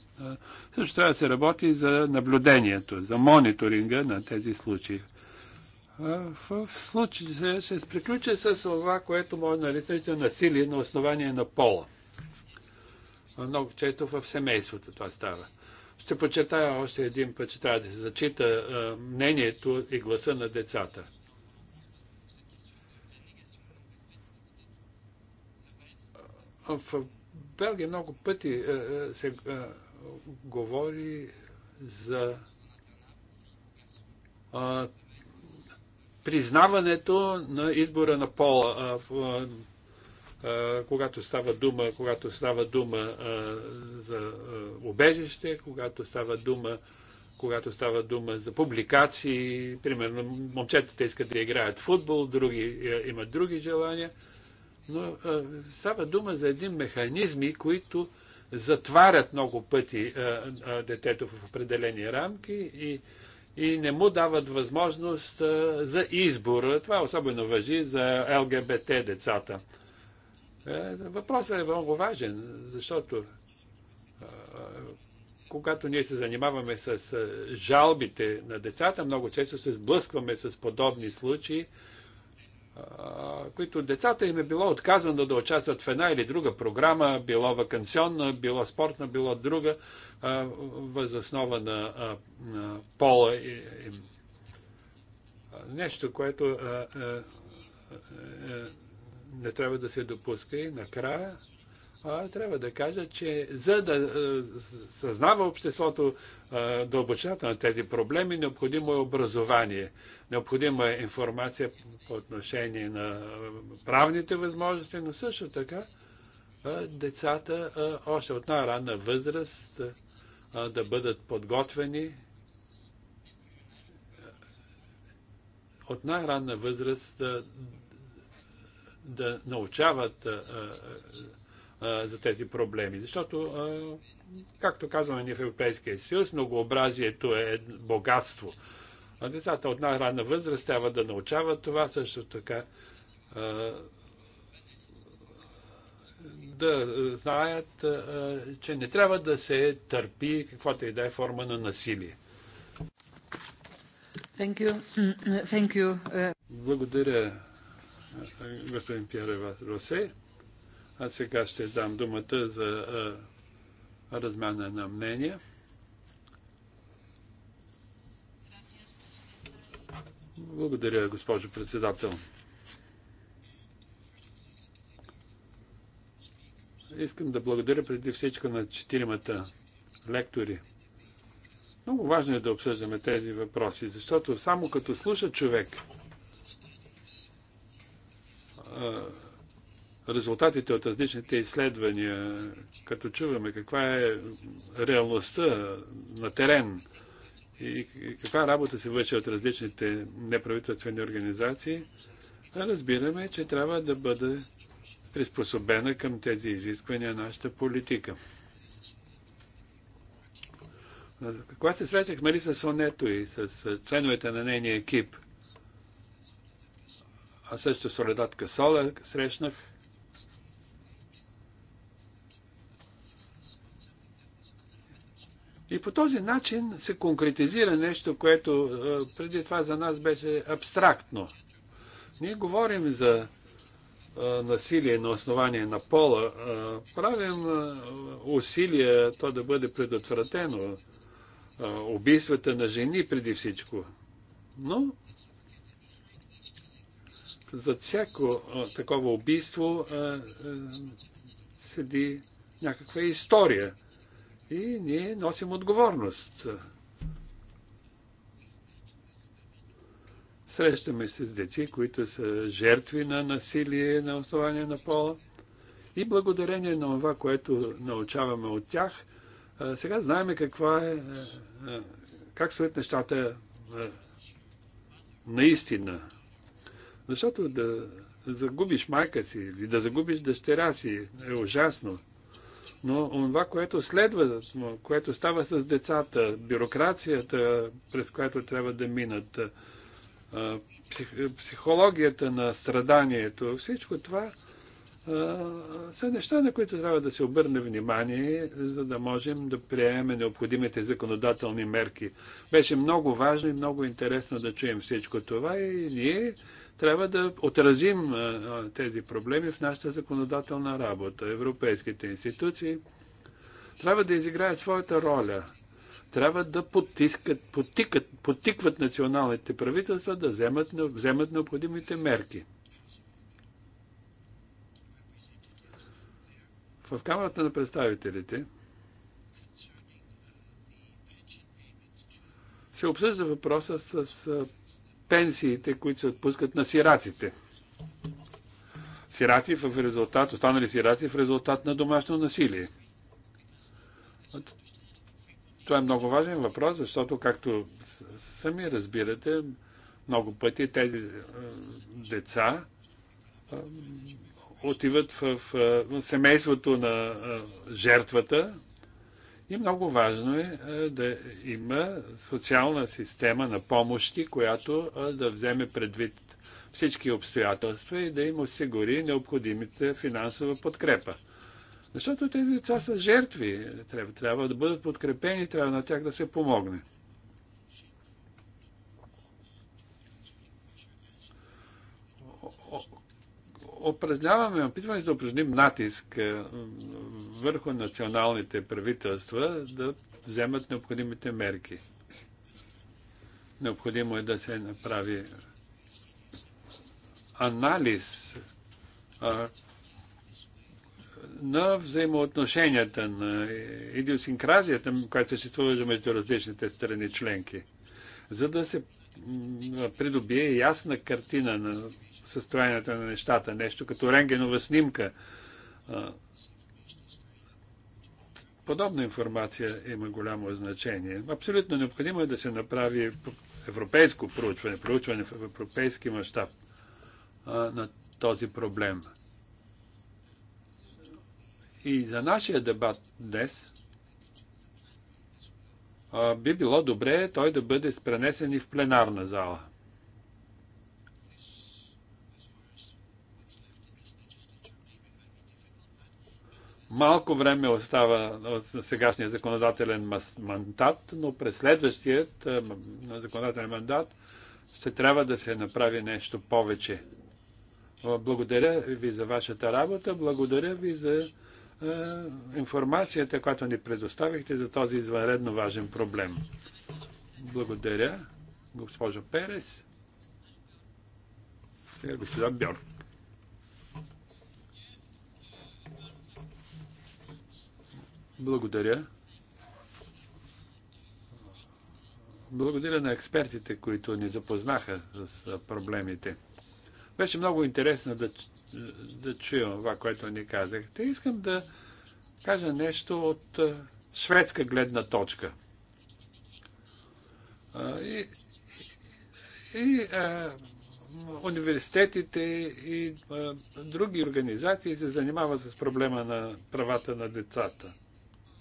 Също трябва да се работи за наблюдението, за мониторинга на тези случаи. В случай ще се приключа с това, което може да нарича насилие на основание на пола. Много често в семейството това става. Ще почетая още един път, че трябва да се зачита мнението и гласа на децата. В Белгия много пъти се говори за а, признаването на избора на пола, а, а, когато става дума, когато става дума а, за а, убежище, когато става дума когато става дума за публикации, примерно момчетата искат да играят футбол, други е, имат други желания, но а, става дума за един механизми, които затварят много пъти е, е, детето в определени рамки и, и не му дават възможност е, за избор. Това особено въжи за ЛГБТ децата. Въпросът е много важен, защото когато ние се занимаваме с жалбите на децата, много често се сблъскваме с подобни случаи които децата им е било отказано да участват в една или друга програма, било вакансионна, било спортна, било друга, възоснова на, пола пола. Нещо, което не трябва да се допуска и накрая трябва да кажа, че за да съзнава обществото дълбочината на тези проблеми, необходимо е образование, необходима е информация по отношение на правните възможности, но също така децата още от най-ранна възраст да бъдат подготвени от най-ранна възраст да, да научават за тези проблеми. Защото, както казваме ние в Европейския съюз, многообразието е богатство. А децата от най ранна възраст трябва да научават това, също така да знаят, че не трябва да се търпи каквато и да е форма на насилие. Thank you. Thank you. Благодаря, господин Пьер Росе. А сега ще дам думата за а, размяна на мнения. Благодаря, госпожо председател. Искам да благодаря преди всичко на четиримата лектори. Много важно е да обсъждаме тези въпроси, защото само като слуша човек, резултатите от различните изследвания, като чуваме каква е реалността на терен и каква работа се върши от различните неправителствени организации, разбираме, че трябва да бъде приспособена към тези изисквания нашата политика. Когато се срещахме ли с Онето и с членовете на нейния екип, а също Соледат Касола срещнах, И по този начин се конкретизира нещо, което е, преди това за нас беше абстрактно. Ние говорим за е, насилие на основание на пола, е, правим усилия то да бъде предотвратено. Убийствата на жени преди всичко. Но за всяко такова убийство седи някаква история. И ние носим отговорност. Срещаме се с деци, които са жертви на насилие на основание на пола. И благодарение на това, което научаваме от тях, сега знаем каква е, как стоят нещата наистина. Защото да загубиш майка си или да загубиш дъщеря си е ужасно. Но това, което следва, което става с децата, бюрокрацията, през която трябва да минат, психологията на страданието, всичко това са неща, на които трябва да се обърне внимание, за да можем да приемем необходимите законодателни мерки. Беше много важно и много интересно да чуем всичко това и ние трябва да отразим тези проблеми в нашата законодателна работа. Европейските институции трябва да изиграят своята роля. Трябва да потискат, потикат, потикват националните правителства да вземат, вземат необходимите мерки. В Камерата на представителите се обсъжда въпроса с пенсиите, които се отпускат на сираците. Сираци в резултат, останали сираци в резултат на домашно насилие. Това е много важен въпрос, защото, както сами разбирате, много пъти тези деца отиват в семейството на жертвата. И много важно е да има социална система на помощи, която да вземе предвид всички обстоятелства и да им осигури необходимите финансова подкрепа. Защото тези деца са жертви. Трябва, трябва да бъдат подкрепени, трябва на тях да се помогне. упражняваме, опитваме се да упражним натиск е, върху националните правителства да вземат необходимите мерки. Необходимо е да се направи анализ а, на взаимоотношенията, на идиосинкразията, която съществува между различните страни членки, за да се придобие ясна картина на състоянието на нещата, нещо като рентгенова снимка. Подобна информация има голямо значение. Абсолютно необходимо е да се направи европейско проучване, проучване в европейски мащаб на този проблем. И за нашия дебат днес би било добре той да бъде пренесен и в пленарна зала. Малко време остава от сегашния законодателен мандат, но през следващият законодателен мандат ще трябва да се направи нещо повече. Благодаря ви за вашата работа, благодаря ви за е, информацията, която ни предоставихте за този извънредно важен проблем. Благодаря, госпожо Перес. Сега госпожа Бьорк. Благодаря. Благодаря на експертите, които ни запознаха с проблемите. Беше много интересно да, да чуя това, което ни казахте. Искам да кажа нещо от шведска гледна точка. И, и а, университетите и а, други организации се занимават с проблема на правата на децата,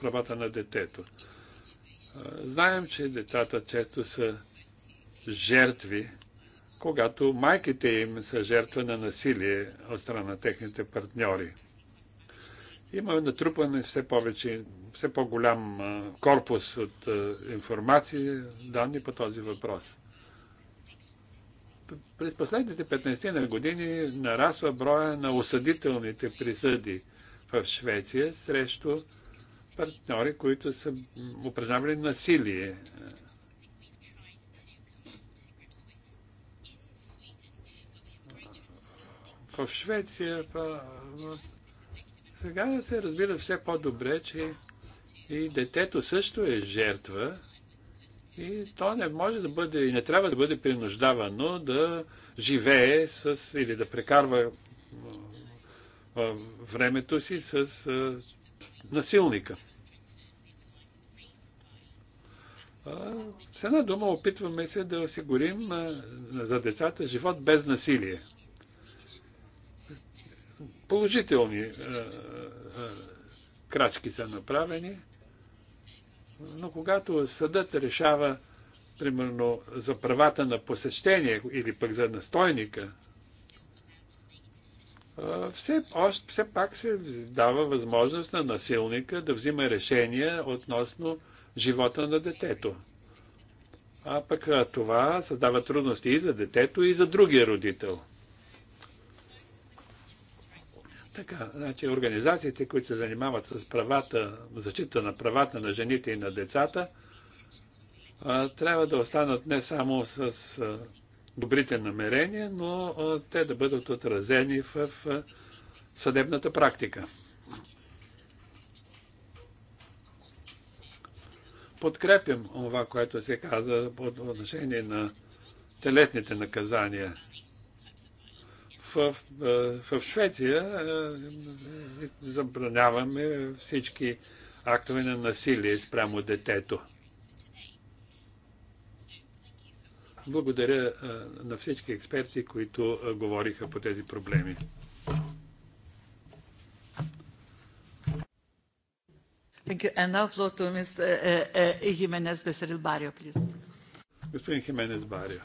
правата на детето. А, знаем, че децата често са жертви когато майките им са жертва на насилие от страна на техните партньори. Има натрупан все повече, все по-голям корпус от информация, данни по този въпрос. През последните 15 на години нарасва броя на осъдителните присъди в Швеция срещу партньори, които са упражнявали насилие в Швеция. В... Сега се разбира все по-добре, че и детето също е жертва и то не може да бъде и не трябва да бъде принуждавано да живее с, или да прекарва времето си с насилника. С една дума опитваме се да осигурим за децата живот без насилие. Положителни е, е, краски са направени, но когато съдът решава, примерно, за правата на посещение или пък за настойника, е, все, още, все пак се дава възможност на насилника да взима решения относно живота на детето. А пък това създава трудности и за детето, и за другия родител. Така, значи организациите, които се занимават с правата, защита на правата на жените и на децата, трябва да останат не само с добрите намерения, но те да бъдат отразени в съдебната практика. Подкрепям това, което се каза по отношение на телесните наказания – в, в Швеция забраняваме всички актове на насилие спрямо детето. Благодаря на всички експерти, които говориха по тези проблеми. Thank you. And now floor to е, е, е, Jimenez Becerril Barrio, please. Господин Хименес Барио.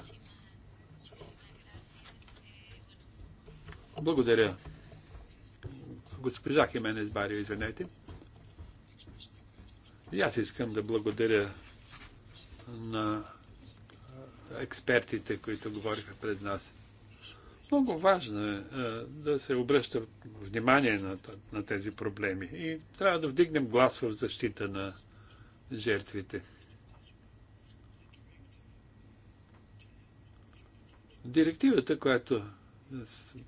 Благодаря. Госпожа Хименес Барио, извинете. И аз искам да благодаря на експертите, които говориха пред нас. Много важно е, е да се обръща внимание на, на тези проблеми и трябва да вдигнем глас в защита на жертвите. Директивата, която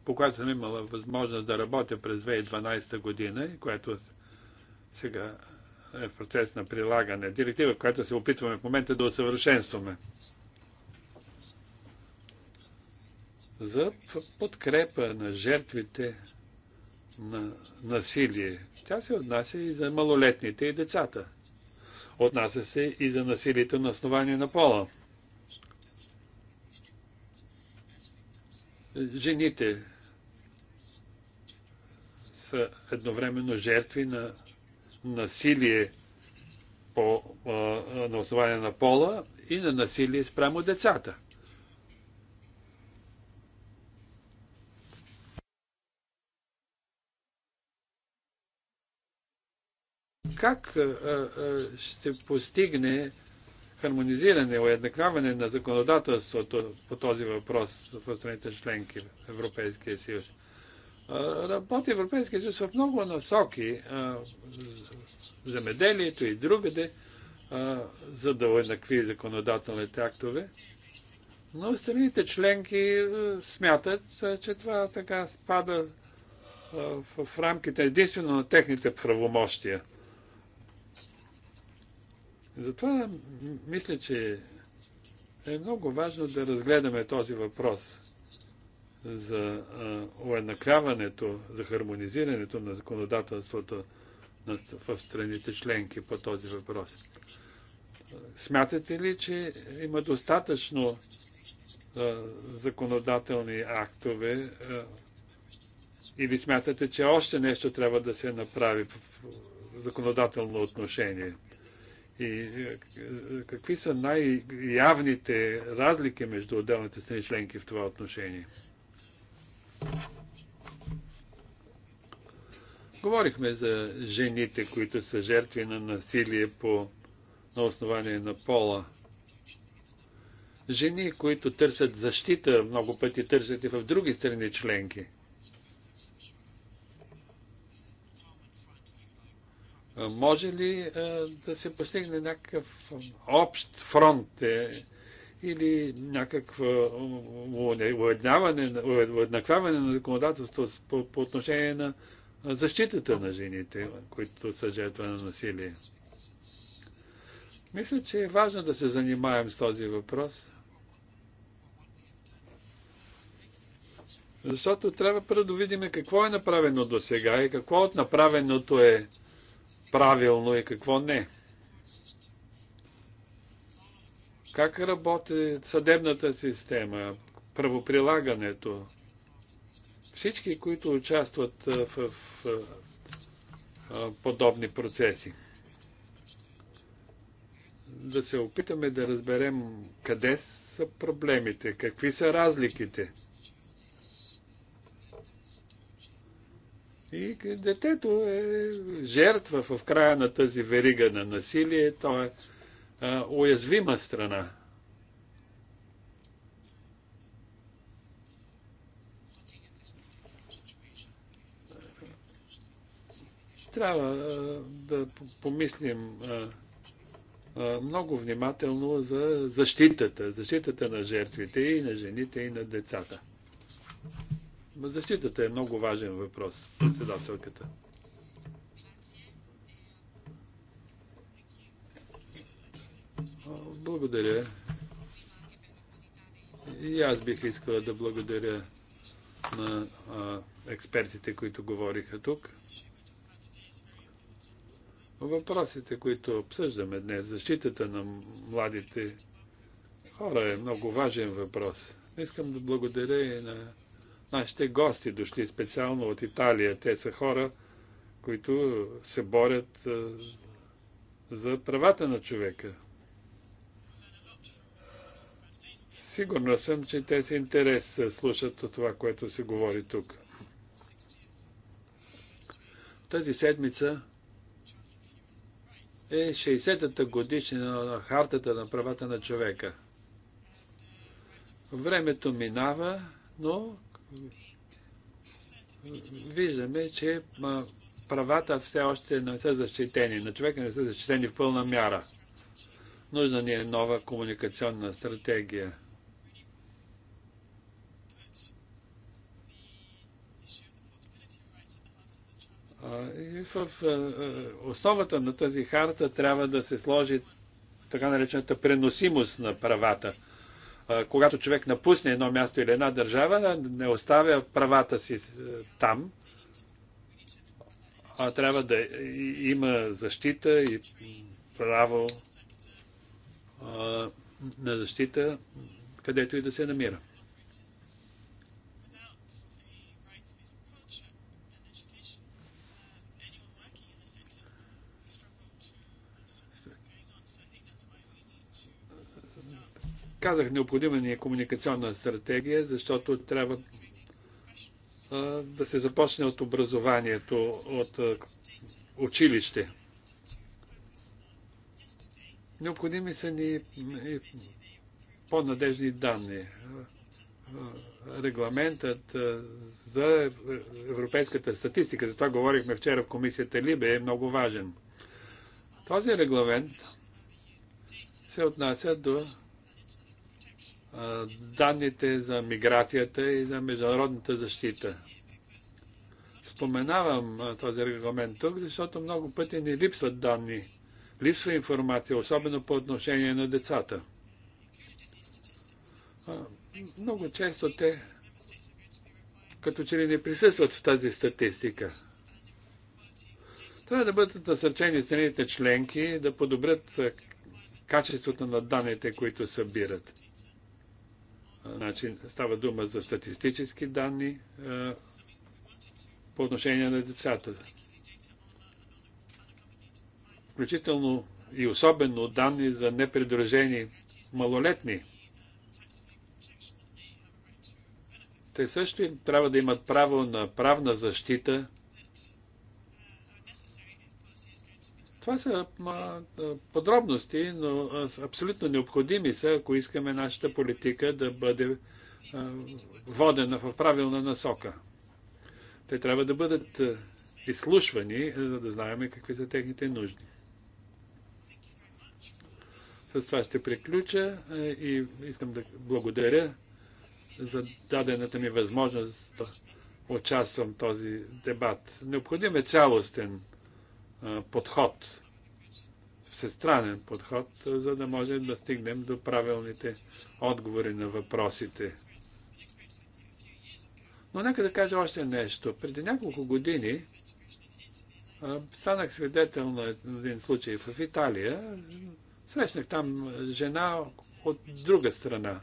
по която съм имала възможност да работя през 2012 година, която сега е в процес на прилагане. Директива, която се опитваме в момента да усъвършенстваме. За подкрепа на жертвите на насилие. Тя се отнася и за малолетните и децата. Отнася се и за насилието на основание на пола. Жените са едновременно жертви на насилие по, а, на основание на пола и на насилие спрямо децата. Как а, а, ще постигне хармонизиране, уеднаквяване на законодателството по този въпрос в страните членки в Европейския съюз. Работи Европейския съюз в много насоки, земеделието и другаде, за да уеднакви законодателните актове. Но страните членки смятат, че това така спада в рамките единствено на техните правомощия. Затова мисля, че е много важно да разгледаме този въпрос за уеднаквяването, за хармонизирането на законодателството в страните членки по този въпрос. Смятате ли, че има достатъчно законодателни актове или смятате, че още нещо трябва да се направи в законодателно отношение? И е, какви са най-явните разлики между отделните страни членки в това отношение? Говорихме за жените, които са жертви на насилие по, на основание на пола. Жени, които търсят защита, много пъти търсят и в други страни членки – Е, може ли е, да се постигне някакъв общ фронт е, или някакво уеднакваване на законодателството по, по отношение на защитата на жените, които са жертва на насилие? Мисля, че е важно да се занимаем с този въпрос. Защото трябва първо да видим какво е направено до сега и какво от направеното е правилно и какво не. Как работи съдебната система, правоприлагането? Всички, които участват в подобни процеси. Да се опитаме да разберем къде са проблемите, какви са разликите. И детето е жертва в края на тази верига на насилие. То е а, уязвима страна. Трябва а, да помислим а, а, много внимателно за защитата, защитата на жертвите и на жените и на децата. Защитата е много важен въпрос, председателката. Благодаря. И аз бих искала да благодаря на а, експертите, които говориха тук. Въпросите, които обсъждаме днес, защитата на младите хора е много важен въпрос. Искам да благодаря и на нашите гости, дошли специално от Италия. Те са хора, които се борят за правата на човека. Сигурна съм, че те са интерес да слушат от това, което се говори тук. Тази седмица е 60-та годишна на хартата на правата на човека. Времето минава, но виждаме, че правата все още не са защитени, на човека не са защитени в пълна мяра. Нужна ни е нова комуникационна стратегия. И в основата на тази харта трябва да се сложи така наречената преносимост на правата – когато човек напусне едно място или една държава, не оставя правата си е, там, а трябва да има защита и право на защита, където и да се намира. Казах, необходима ни е комуникационна стратегия, защото трябва да се започне от образованието, от училище. Необходими са ни по-надежни данни. Регламентът за европейската статистика, за това говорихме вчера в комисията Либе, е много важен. Този регламент се отнася до данните за миграцията и за международната защита. Споменавам този регламент тук, защото много пъти ни липсват данни, липсва информация, особено по отношение на децата. Много често те като че ли не присъстват в тази статистика. Трябва да бъдат насърчени страните членки да подобрят качеството на данните, които събират. Значи, става дума за статистически данни е, по отношение на децата. Включително и особено данни за непредружени малолетни. Те също трябва да имат право на правна защита – Това са подробности, но абсолютно необходими са, ако искаме нашата политика да бъде водена в правилна насока. Те трябва да бъдат изслушвани, за да знаем какви са техните нужди. С това ще приключа и искам да благодаря за дадената ми възможност да участвам в този дебат. Необходим е цялостен подход, всестранен подход, за да можем да стигнем до правилните отговори на въпросите. Но нека да кажа още нещо. Преди няколко години станах свидетел на един случай в Италия. Срещнах там жена от друга страна.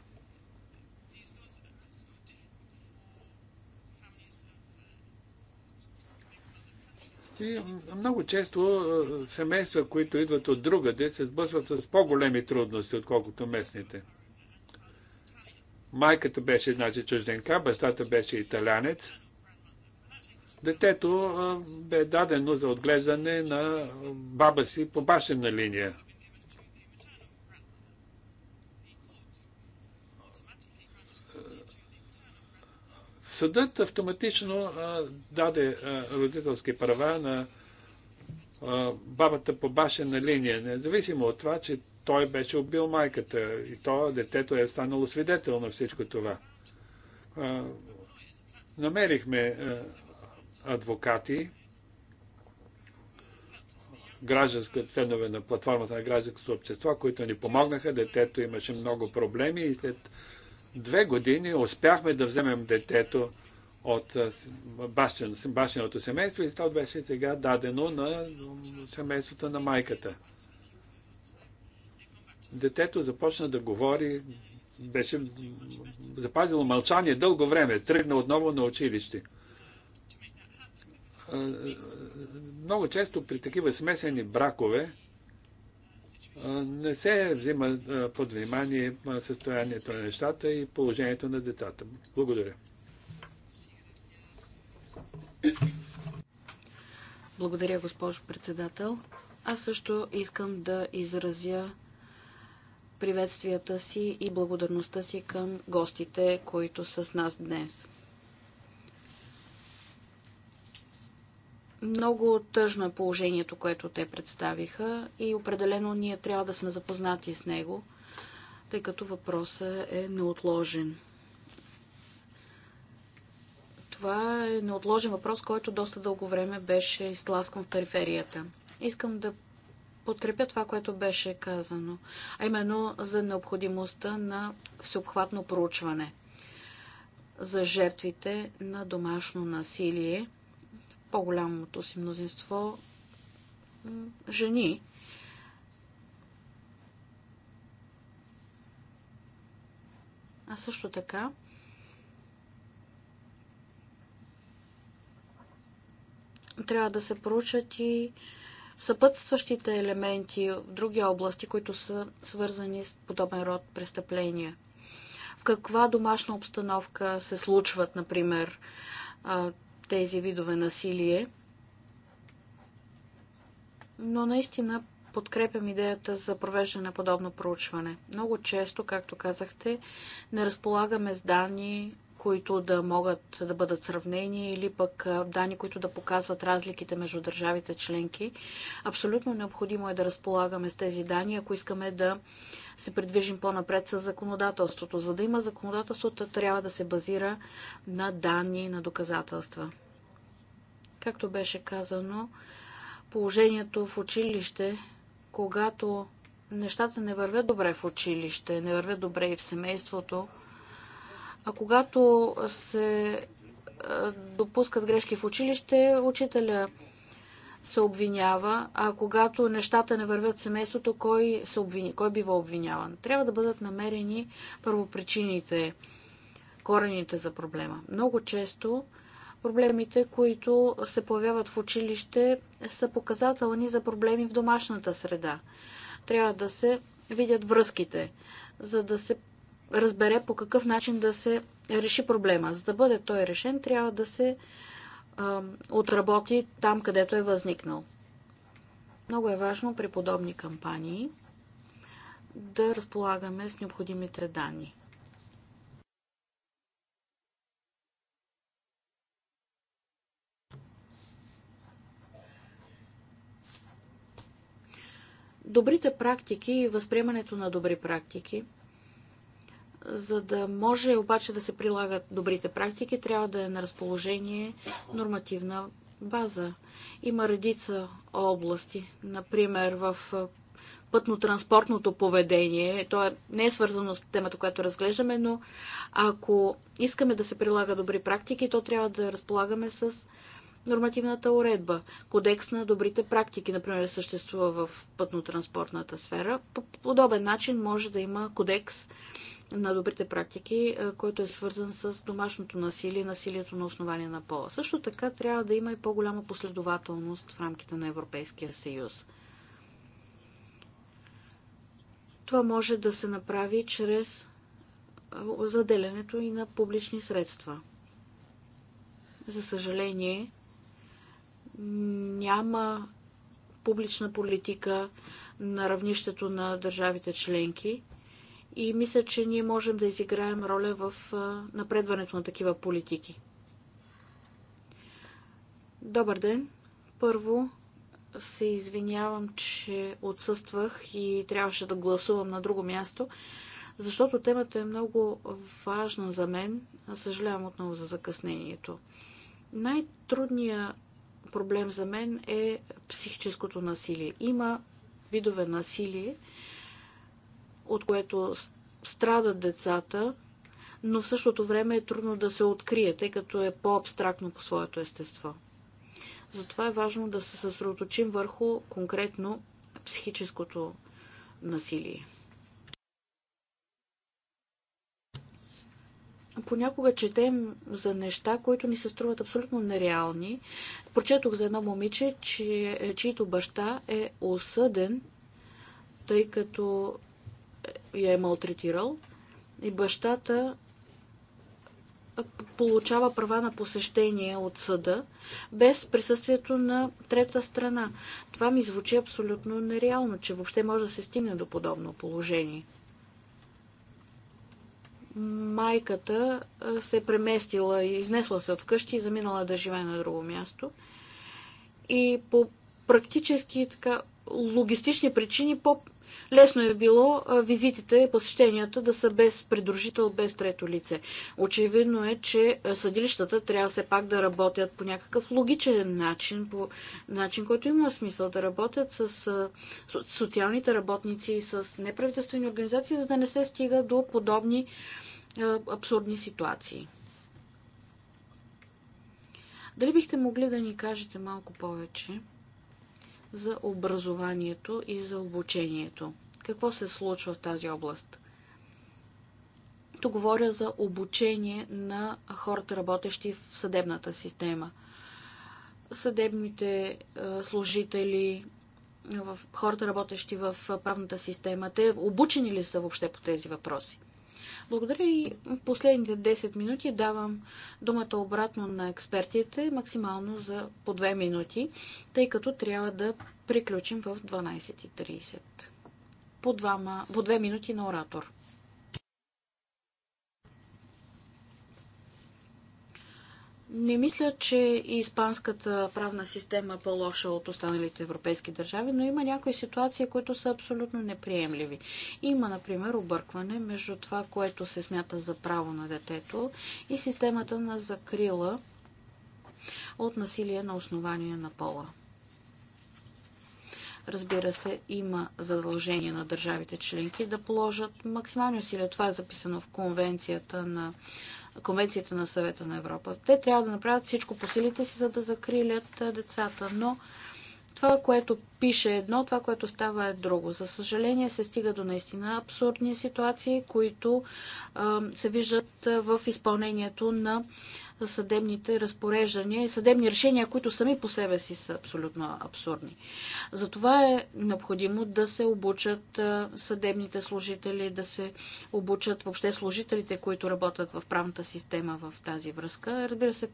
И много често семейства, които идват от другаде, се сбъсват с по-големи трудности, отколкото местните. Майката беше значи, чужденка, бащата беше италянец. Детето бе дадено за отглеждане на баба си по башена линия. Съдът автоматично а, даде а, родителски права на а, бабата по башена линия, независимо от това, че той беше убил майката и то детето е станало свидетел на всичко това. А, намерихме а, адвокати, гражданска, ценове на платформата на гражданското общество, които ни помогнаха. Детето имаше много проблеми и след две години успяхме да вземем детето от башеното семейство и то беше сега дадено на семейството на майката. Детето започна да говори, беше запазило мълчание дълго време, тръгна отново на училище. Много често при такива смесени бракове, не се взима под внимание състоянието на нещата и положението на децата. Благодаря. Благодаря, госпожо председател. Аз също искам да изразя приветствията си и благодарността си към гостите, които са с нас днес. Много тъжно е положението, което те представиха и определено ние трябва да сме запознати с него, тъй като въпросът е неотложен. Това е неотложен въпрос, който доста дълго време беше изтласкан в периферията. Искам да подкрепя това, което беше казано, а именно за необходимостта на всеобхватно проучване за жертвите на домашно насилие – по-голямото си мнозинство жени. А също така трябва да се проучат и съпътстващите елементи в други области, които са свързани с подобен род престъпления. В каква домашна обстановка се случват, например, тези видове насилие. Но наистина подкрепям идеята за провеждане на подобно проучване. Много често, както казахте, не разполагаме с данни, които да могат да бъдат сравнени или пък данни, които да показват разликите между държавите членки. Абсолютно необходимо е да разполагаме с тези данни, ако искаме да се придвижим по-напред с законодателството. За да има законодателството, трябва да се базира на данни и на доказателства. Както беше казано, положението в училище, когато нещата не вървят добре в училище, не вървят добре и в семейството, а когато се допускат грешки в училище, учителя се обвинява, а когато нещата не вървят в семейството, кой се обвини, кой бива обвиняван. Трябва да бъдат намерени първопричините, корените за проблема. Много често проблемите, които се появяват в училище, са показателни за проблеми в домашната среда. Трябва да се видят връзките, за да се разбере по какъв начин да се реши проблема. За да бъде той решен, трябва да се отработи там, където е възникнал. Много е важно при подобни кампании да разполагаме с необходимите данни. Добрите практики и възприемането на добри практики – за да може обаче да се прилагат добрите практики, трябва да е на разположение нормативна база. Има редица области. Например, в пътно-транспортното поведение. То е, не е свързано с темата, която разглеждаме, но ако искаме да се прилага добри практики, то трябва да разполагаме с нормативната уредба. Кодекс на добрите практики, например, съществува в пътно-транспортната сфера. По подобен начин може да има кодекс на добрите практики, който е свързан с домашното насилие насилието на основание на пола. Също така трябва да има и по-голяма последователност в рамките на Европейския съюз. Това може да се направи чрез заделянето и на публични средства. За съжаление, няма публична политика на равнището на държавите членки – и мисля, че ние можем да изиграем роля в напредването на такива политики. Добър ден! Първо се извинявам, че отсъствах и трябваше да гласувам на друго място, защото темата е много важна за мен. Съжалявам отново за закъснението. Най-трудният проблем за мен е психическото насилие. Има видове насилие, от което страдат децата, но в същото време е трудно да се открие, тъй като е по-абстрактно по своето естество. Затова е важно да се съсредоточим върху конкретно психическото насилие. понякога четем за неща, които ни се струват абсолютно нереални. Прочетох за едно момиче, чието баща е осъден, тъй като я е малтретирал и бащата получава права на посещение от съда без присъствието на трета страна. Това ми звучи абсолютно нереално, че въобще може да се стигне до подобно положение. Майката се е преместила, изнесла се от къщи и заминала да живее на друго място. И по практически така логистични причини по Лесно е било визитите и посещенията да са без придружител, без трето лице. Очевидно е, че съдилищата трябва все пак да работят по някакъв логичен начин, по начин, който има смисъл да работят с социалните работници и с неправителствени организации, за да не се стига до подобни абсурдни ситуации. Дали бихте могли да ни кажете малко повече? за образованието и за обучението. Какво се случва в тази област? Тук говоря за обучение на хората, работещи в съдебната система. Съдебните служители, хората, работещи в правната система, те обучени ли са въобще по тези въпроси? Благодаря и последните 10 минути давам думата обратно на експертите, максимално за по 2 минути, тъй като трябва да приключим в 12.30. По, двама, по 2 минути на оратор. Не мисля, че испанската правна система е по-лоша от останалите европейски държави, но има някои ситуации, които са абсолютно неприемливи. Има, например, объркване между това, което се смята за право на детето и системата на закрила от насилие на основание на пола. Разбира се, има задължение на държавите членки да положат максимални усилия. Това е записано в конвенцията на Конвенцията на съвета на Европа. Те трябва да направят всичко по силите си, за да закрилят децата, но това, което пише едно, това, което става е друго. За съжаление се стига до наистина абсурдни ситуации, които а, се виждат в изпълнението на съдебните разпореждания и съдебни решения, които сами по себе си са абсолютно абсурдни. Затова е необходимо да се обучат съдебните служители, да се обучат въобще служителите, които работят в правната система в тази връзка. Разбира се,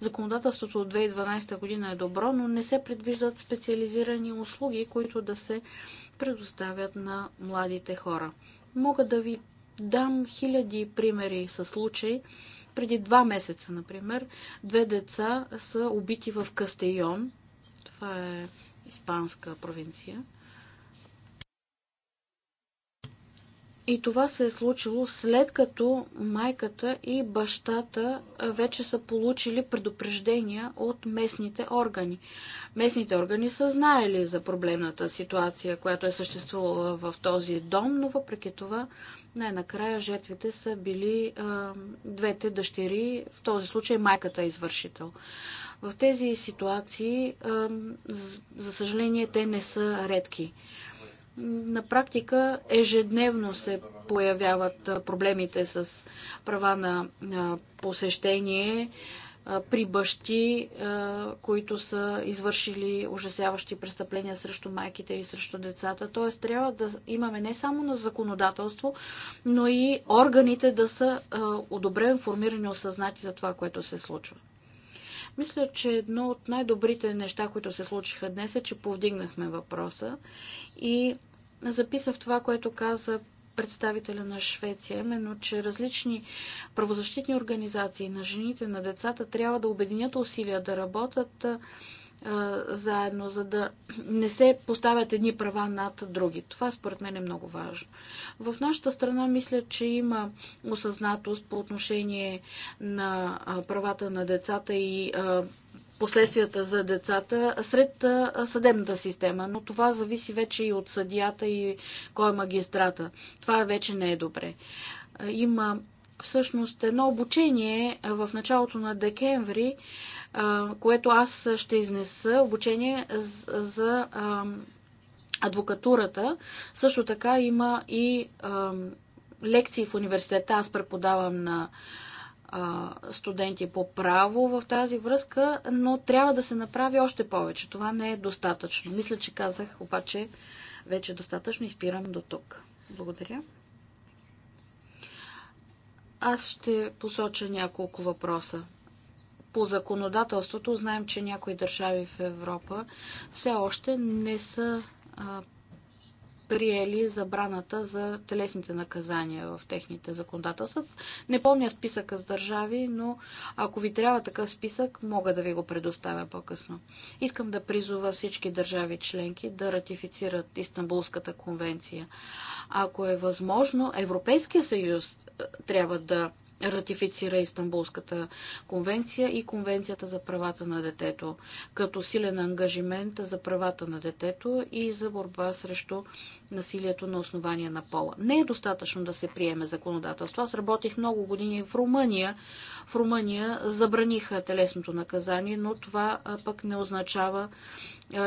законодателството от 2012 година е добро, но не се предвиждат специализирани услуги, които да се предоставят на младите хора. Мога да ви дам хиляди примери със случаи, преди два месеца, например, две деца са убити в Кастейон. Това е испанска провинция. И това се е случило след като майката и бащата вече са получили предупреждения от местните органи. Местните органи са знаели за проблемната ситуация, която е съществувала в този дом, но въпреки това най-накрая жертвите са били а, двете дъщери, в този случай майката е извършител. В тези ситуации, а, за съжаление, те не са редки. На практика ежедневно се появяват проблемите с права на посещение, при бащи, които са извършили ужасяващи престъпления срещу майките и срещу децата. Т.е. трябва да имаме не само на законодателство, но и органите да са добре информирани, осъзнати за това, което се случва. Мисля, че едно от най-добрите неща, които се случиха днес е, че повдигнахме въпроса и записах това, което каза представителя на Швеция, именно, че различни правозащитни организации на жените, на децата трябва да обединят усилия, да работят заедно, за да не се поставят едни права над други. Това според мен е много важно. В нашата страна мисля, че има осъзнатост по отношение на правата на децата и последствията за децата сред съдебната система. Но това зависи вече и от съдията и кой е магистрата. Това вече не е добре. Има всъщност едно обучение в началото на декември, което аз ще изнеса. Обучение за адвокатурата. Също така има и лекции в университета. Аз преподавам на студенти по право в тази връзка, но трябва да се направи още повече. Това не е достатъчно. Мисля, че казах обаче вече е достатъчно и спирам до тук. Благодаря. Аз ще посоча няколко въпроса. По законодателството знаем, че някои държави в Европа все още не са приели забраната за телесните наказания в техните законодателства. Не помня списъка с държави, но ако ви трябва такъв списък, мога да ви го предоставя по-късно. Искам да призова всички държави членки да ратифицират Истанбулската конвенция. Ако е възможно, Европейския съюз е, трябва да ратифицира Истанбулската конвенция и Конвенцията за правата на детето, като силен ангажимент за правата на детето и за борба срещу насилието на основания на пола. Не е достатъчно да се приеме законодателство. Аз работих много години в Румъния. В Румъния забраниха телесното наказание, но това пък не означава,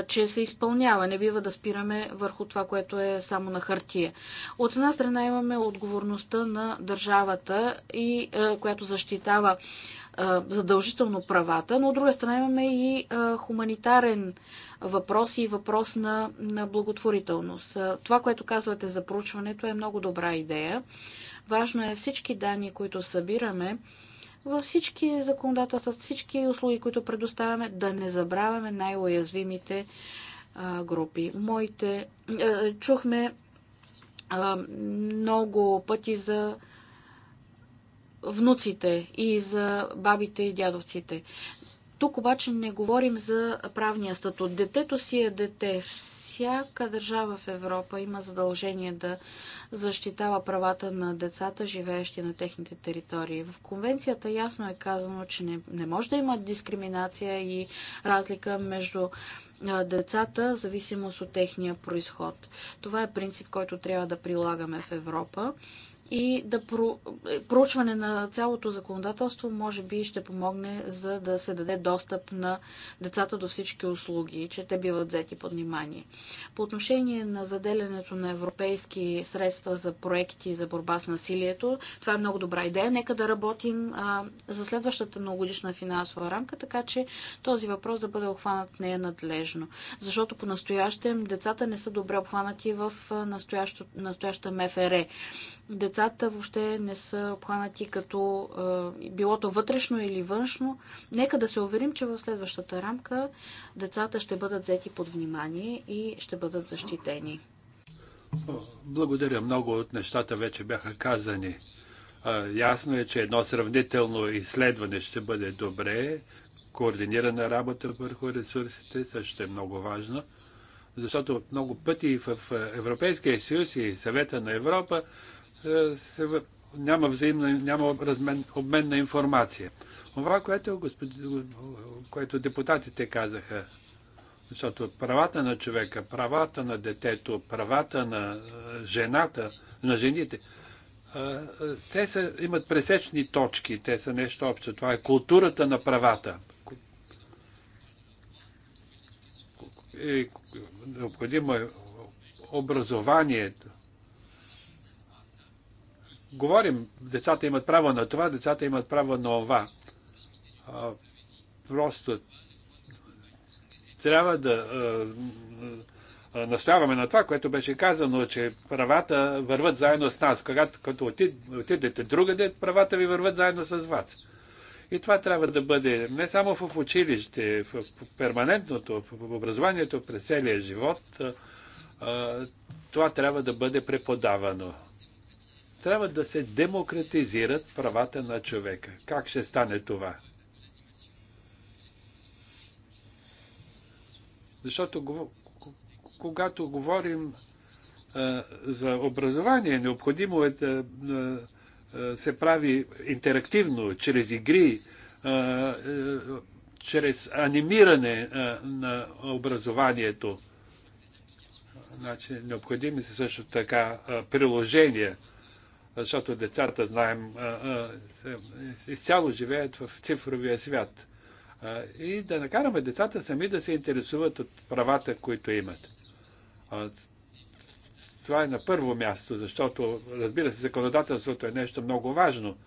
че се изпълнява. Не бива да спираме върху това, което е само на хартия. От една страна имаме отговорността на държавата и която защитава задължително правата, но от друга страна имаме и хуманитарен въпрос и въпрос на, на благотворителност. Това, което казвате за проучването е много добра идея. Важно е всички данни, които събираме, във всички законодателства, всички услуги, които предоставяме, да не забравяме най-уязвимите групи. Моите. Чухме много пъти за внуците и за бабите и дядовците. Тук обаче не говорим за правния статут. Детето си е дете. Всяка държава в Европа има задължение да защитава правата на децата, живеещи на техните територии. В конвенцията ясно е казано, че не, не може да има дискриминация и разлика между децата в зависимост от техния происход. Това е принцип, който трябва да прилагаме в Европа и да про... Е, проучване на цялото законодателство може би ще помогне за да се даде достъп на децата до всички услуги, че те биват взети под внимание. По отношение на заделянето на европейски средства за проекти за борба с насилието, това е много добра идея. Нека да работим а, за следващата многогодишна финансова рамка, така че този въпрос да бъде обхванат не е надлежно. Защото по настоящем децата не са добре обхванати в настоящата МФР. Децата децата въобще не са обхванати като било то вътрешно или външно. Нека да се уверим, че в следващата рамка децата ще бъдат взети под внимание и ще бъдат защитени. Благодаря. Много от нещата вече бяха казани. Ясно е, че едно сравнително изследване ще бъде добре. Координирана работа върху ресурсите също е много важно, защото много пъти в Европейския съюз и Съвета на Европа е, се, няма взаимна, няма размен, обмен на информация. Това, което, господ, което депутатите казаха, защото правата на човека, правата на детето, правата на е, жената, на жените, е, те са, имат пресечни точки, те са нещо общо. Това е културата на правата. И, необходимо е образованието, говорим, децата имат право на това, децата имат право на това. Просто трябва да а, а, настояваме на това, което беше казано, че правата върват заедно с нас. Когато като отидете другаде, правата ви върват заедно с вас. И това трябва да бъде не само в училище, в перманентното, в образованието през целия живот. А, това трябва да бъде преподавано трябва да се демократизират правата на човека. Как ще стане това? Защото когато говорим а, за образование, необходимо е да а, се прави интерактивно, чрез игри, а, чрез анимиране на образованието. Значи, необходими са също така приложения защото децата, знаем, изцяло живеят в цифровия свят. И да накараме децата сами да се интересуват от правата, които имат. Това е на първо място, защото, разбира се, законодателството е нещо много важно,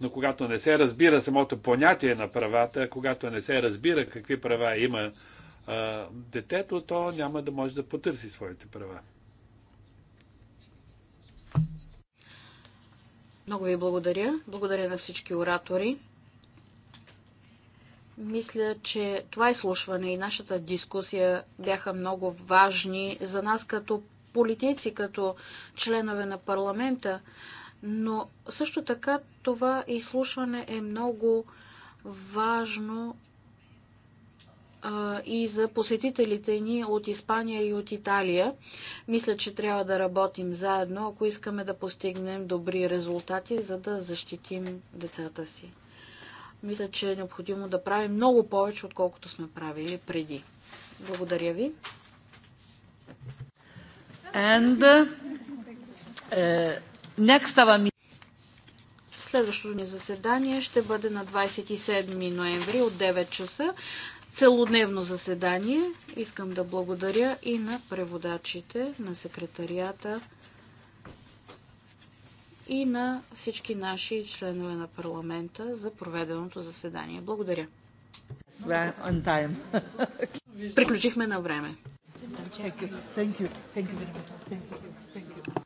но когато не се разбира самото понятие на правата, когато не се разбира какви права има детето, то няма да може да потърси своите права. Много ви благодаря. Благодаря на всички оратори. Мисля, че това изслушване и нашата дискусия бяха много важни за нас като политици, като членове на парламента, но също така това изслушване е много важно и за посетителите ни от Испания и от Италия. Мисля, че трябва да работим заедно, ако искаме да постигнем добри резултати, за да защитим децата си. Мисля, че е необходимо да правим много повече, отколкото сме правили преди. Благодаря ви. And, uh, Следващото ни заседание ще бъде на 27 ноември от 9 часа целодневно заседание. Искам да благодаря и на преводачите, на секретарията и на всички наши членове на парламента за проведеното заседание. Благодаря. Приключихме на време. Thank you. Thank you. Thank you. Thank you.